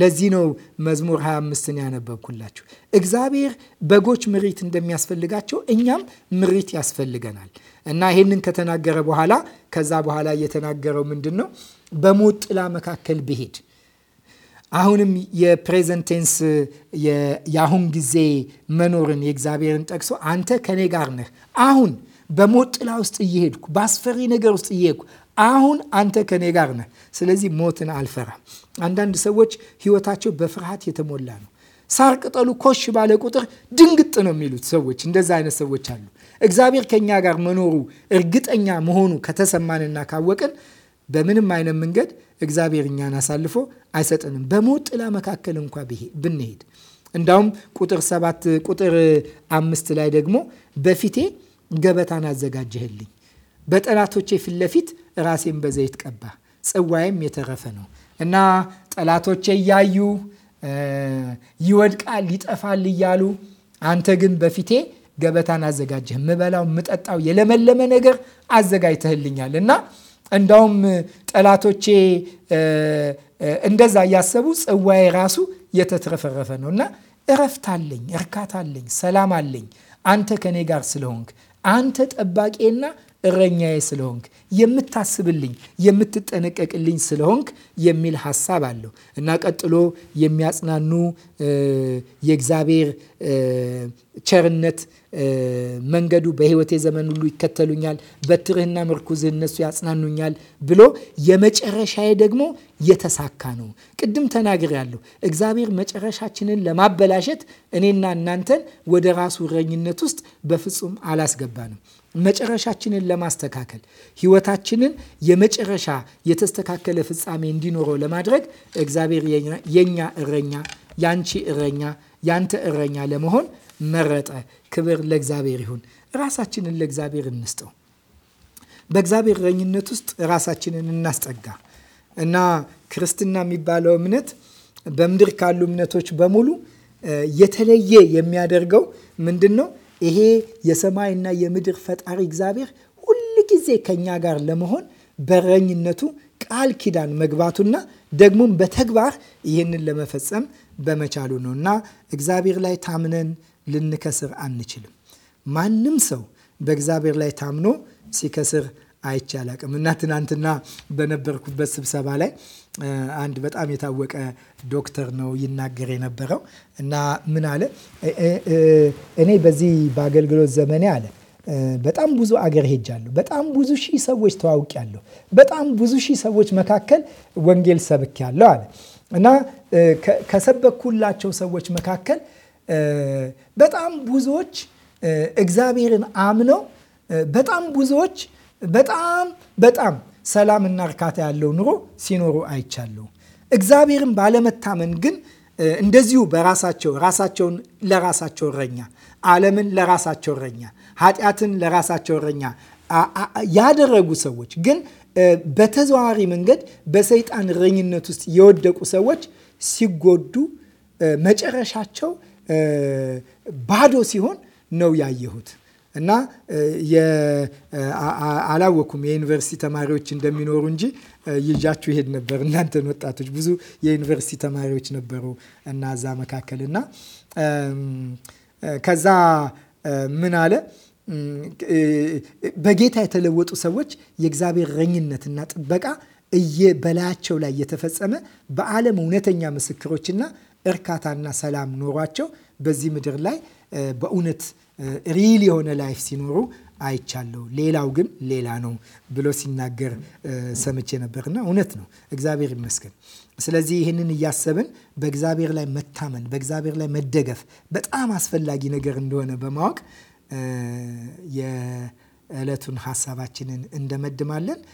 ለዚህ ነው መዝሙር 25ን ያነበብኩላችሁ። እግዚአብሔር በጎች ምሪት እንደሚያስፈልጋቸው እኛም ምሪት ያስፈልገናል እና ይህንን ከተናገረ በኋላ ከዛ በኋላ እየተናገረው ምንድን ነው? በሞት ጥላ መካከል ብሄድ አሁንም የፕሬዘንቴንስ የአሁን ጊዜ መኖርን የእግዚአብሔርን ጠቅሶ አንተ ከኔ ጋር ነህ። አሁን በሞት ጥላ ውስጥ እየሄድኩ በአስፈሪ ነገር ውስጥ እየሄድኩ አሁን አንተ ከኔ ጋር ነህ። ስለዚህ ሞትን አልፈራም። አንዳንድ ሰዎች ህይወታቸው በፍርሃት የተሞላ ነው። ሳር ቅጠሉ ኮሽ ባለ ቁጥር ድንግጥ ነው የሚሉት ሰዎች፣ እንደዛ አይነት ሰዎች አሉ። እግዚአብሔር ከእኛ ጋር መኖሩ እርግጠኛ መሆኑ ከተሰማንና ካወቅን በምንም አይነት መንገድ እግዚአብሔር እኛን አሳልፎ አይሰጥንም። በሞት ጥላ መካከል እንኳ ብንሄድ እንዳውም ቁጥር ሰባት ቁጥር አምስት ላይ ደግሞ በፊቴ ገበታን አዘጋጀህልኝ፣ በጠላቶቼ ፊት ለፊት ራሴን በዘይት ቀባ፣ ጽዋዬም የተረፈ ነው እና ጠላቶቼ እያዩ ይወድቃል፣ ይጠፋል እያሉ አንተ ግን በፊቴ ገበታን አዘጋጀህ፣ ምበላው ምጠጣው የለመለመ ነገር አዘጋጅተህልኛል እና እንዳውም ጠላቶቼ እንደዛ እያሰቡ ጽዋዬ ራሱ የተትረፈረፈ ነው እና እረፍት አለኝ፣ እርካታ አለኝ፣ ሰላም አለኝ አንተ ከኔ ጋር ስለሆንክ አንተ ጠባቄና እረኛዬ ስለሆንክ የምታስብልኝ የምትጠነቀቅልኝ ስለሆንክ የሚል ሀሳብ አለው እና ቀጥሎ የሚያጽናኑ የእግዚአብሔር ቸርነት መንገዱ በህይወቴ ዘመን ሁሉ ይከተሉኛል፣ በትርህና ምርኩዝህ እነሱ ያጽናኑኛል ብሎ የመጨረሻዬ ደግሞ የተሳካ ነው። ቅድም ተናግሬያለሁ። እግዚአብሔር መጨረሻችንን ለማበላሸት እኔና እናንተን ወደ ራሱ እረኝነት ውስጥ በፍጹም አላስገባንም። መጨረሻችንን ለማስተካከል ህይወታችንን የመጨረሻ የተስተካከለ ፍጻሜ እንዲኖረው ለማድረግ እግዚአብሔር የኛ እረኛ፣ ያንቺ እረኛ፣ ያንተ እረኛ ለመሆን መረጠ። ክብር ለእግዚአብሔር ይሁን። ራሳችንን ለእግዚአብሔር እንስጠው። በእግዚአብሔር እረኝነት ውስጥ ራሳችንን እናስጠጋ እና ክርስትና የሚባለው እምነት በምድር ካሉ እምነቶች በሙሉ የተለየ የሚያደርገው ምንድን ነው? ይሄ የሰማይና የምድር ፈጣሪ እግዚአብሔር ሁል ጊዜ ከእኛ ጋር ለመሆን በረኝነቱ ቃል ኪዳን መግባቱና ደግሞም በተግባር ይህንን ለመፈጸም በመቻሉ ነው እና እግዚአብሔር ላይ ታምነን ልንከስር አንችልም። ማንም ሰው በእግዚአብሔር ላይ ታምኖ ሲከስር አይቼ አላቅም እና ትናንትና በነበርኩበት ስብሰባ ላይ አንድ በጣም የታወቀ ዶክተር ነው ይናገር የነበረው እና ምን አለ እኔ በዚህ በአገልግሎት ዘመኔ አለ በጣም ብዙ አገር ሄጃለሁ። በጣም ብዙ ሺህ ሰዎች ተዋውቂያለሁ። በጣም ብዙ ሺህ ሰዎች መካከል ወንጌል ሰብኬያለሁ አለ እና ከሰበኩላቸው ሰዎች መካከል በጣም ብዙዎች እግዚአብሔርን አምነው በጣም ብዙዎች በጣም በጣም ሰላምና እርካታ ያለው ኑሮ ሲኖሩ አይቻለሁ። እግዚአብሔርን ባለመታመን ግን እንደዚሁ በራሳቸው ራሳቸውን ለራሳቸው እረኛ፣ ዓለምን ለራሳቸው እረኛ፣ ኃጢአትን ለራሳቸው እረኛ ያደረጉ ሰዎች ግን በተዘዋዋሪ መንገድ በሰይጣን እረኝነት ውስጥ የወደቁ ሰዎች ሲጎዱ መጨረሻቸው ባዶ ሲሆን ነው ያየሁት። እና አላወኩም የዩኒቨርሲቲ ተማሪዎች እንደሚኖሩ እንጂ ይዣችሁ ይሄድ ነበር። እናንተን ወጣቶች ብዙ የዩኒቨርሲቲ ተማሪዎች ነበሩ እና እዛ መካከል እና ከዛ ምን አለ በጌታ የተለወጡ ሰዎች የእግዚአብሔር ረኝነትና ጥበቃ በላያቸው ላይ የተፈጸመ በዓለም እውነተኛ ምስክሮችና እርካታና ሰላም ኖሯቸው በዚህ ምድር ላይ በእውነት ሪል የሆነ ላይፍ ሲኖሩ አይቻለሁ። ሌላው ግን ሌላ ነው ብሎ ሲናገር ሰምቼ ነበርና እውነት ነው። እግዚአብሔር ይመስገን። ስለዚህ ይህንን እያሰብን በእግዚአብሔር ላይ መታመን፣ በእግዚአብሔር ላይ መደገፍ በጣም አስፈላጊ ነገር እንደሆነ በማወቅ የዕለቱን ሀሳባችንን እንደመድማለን።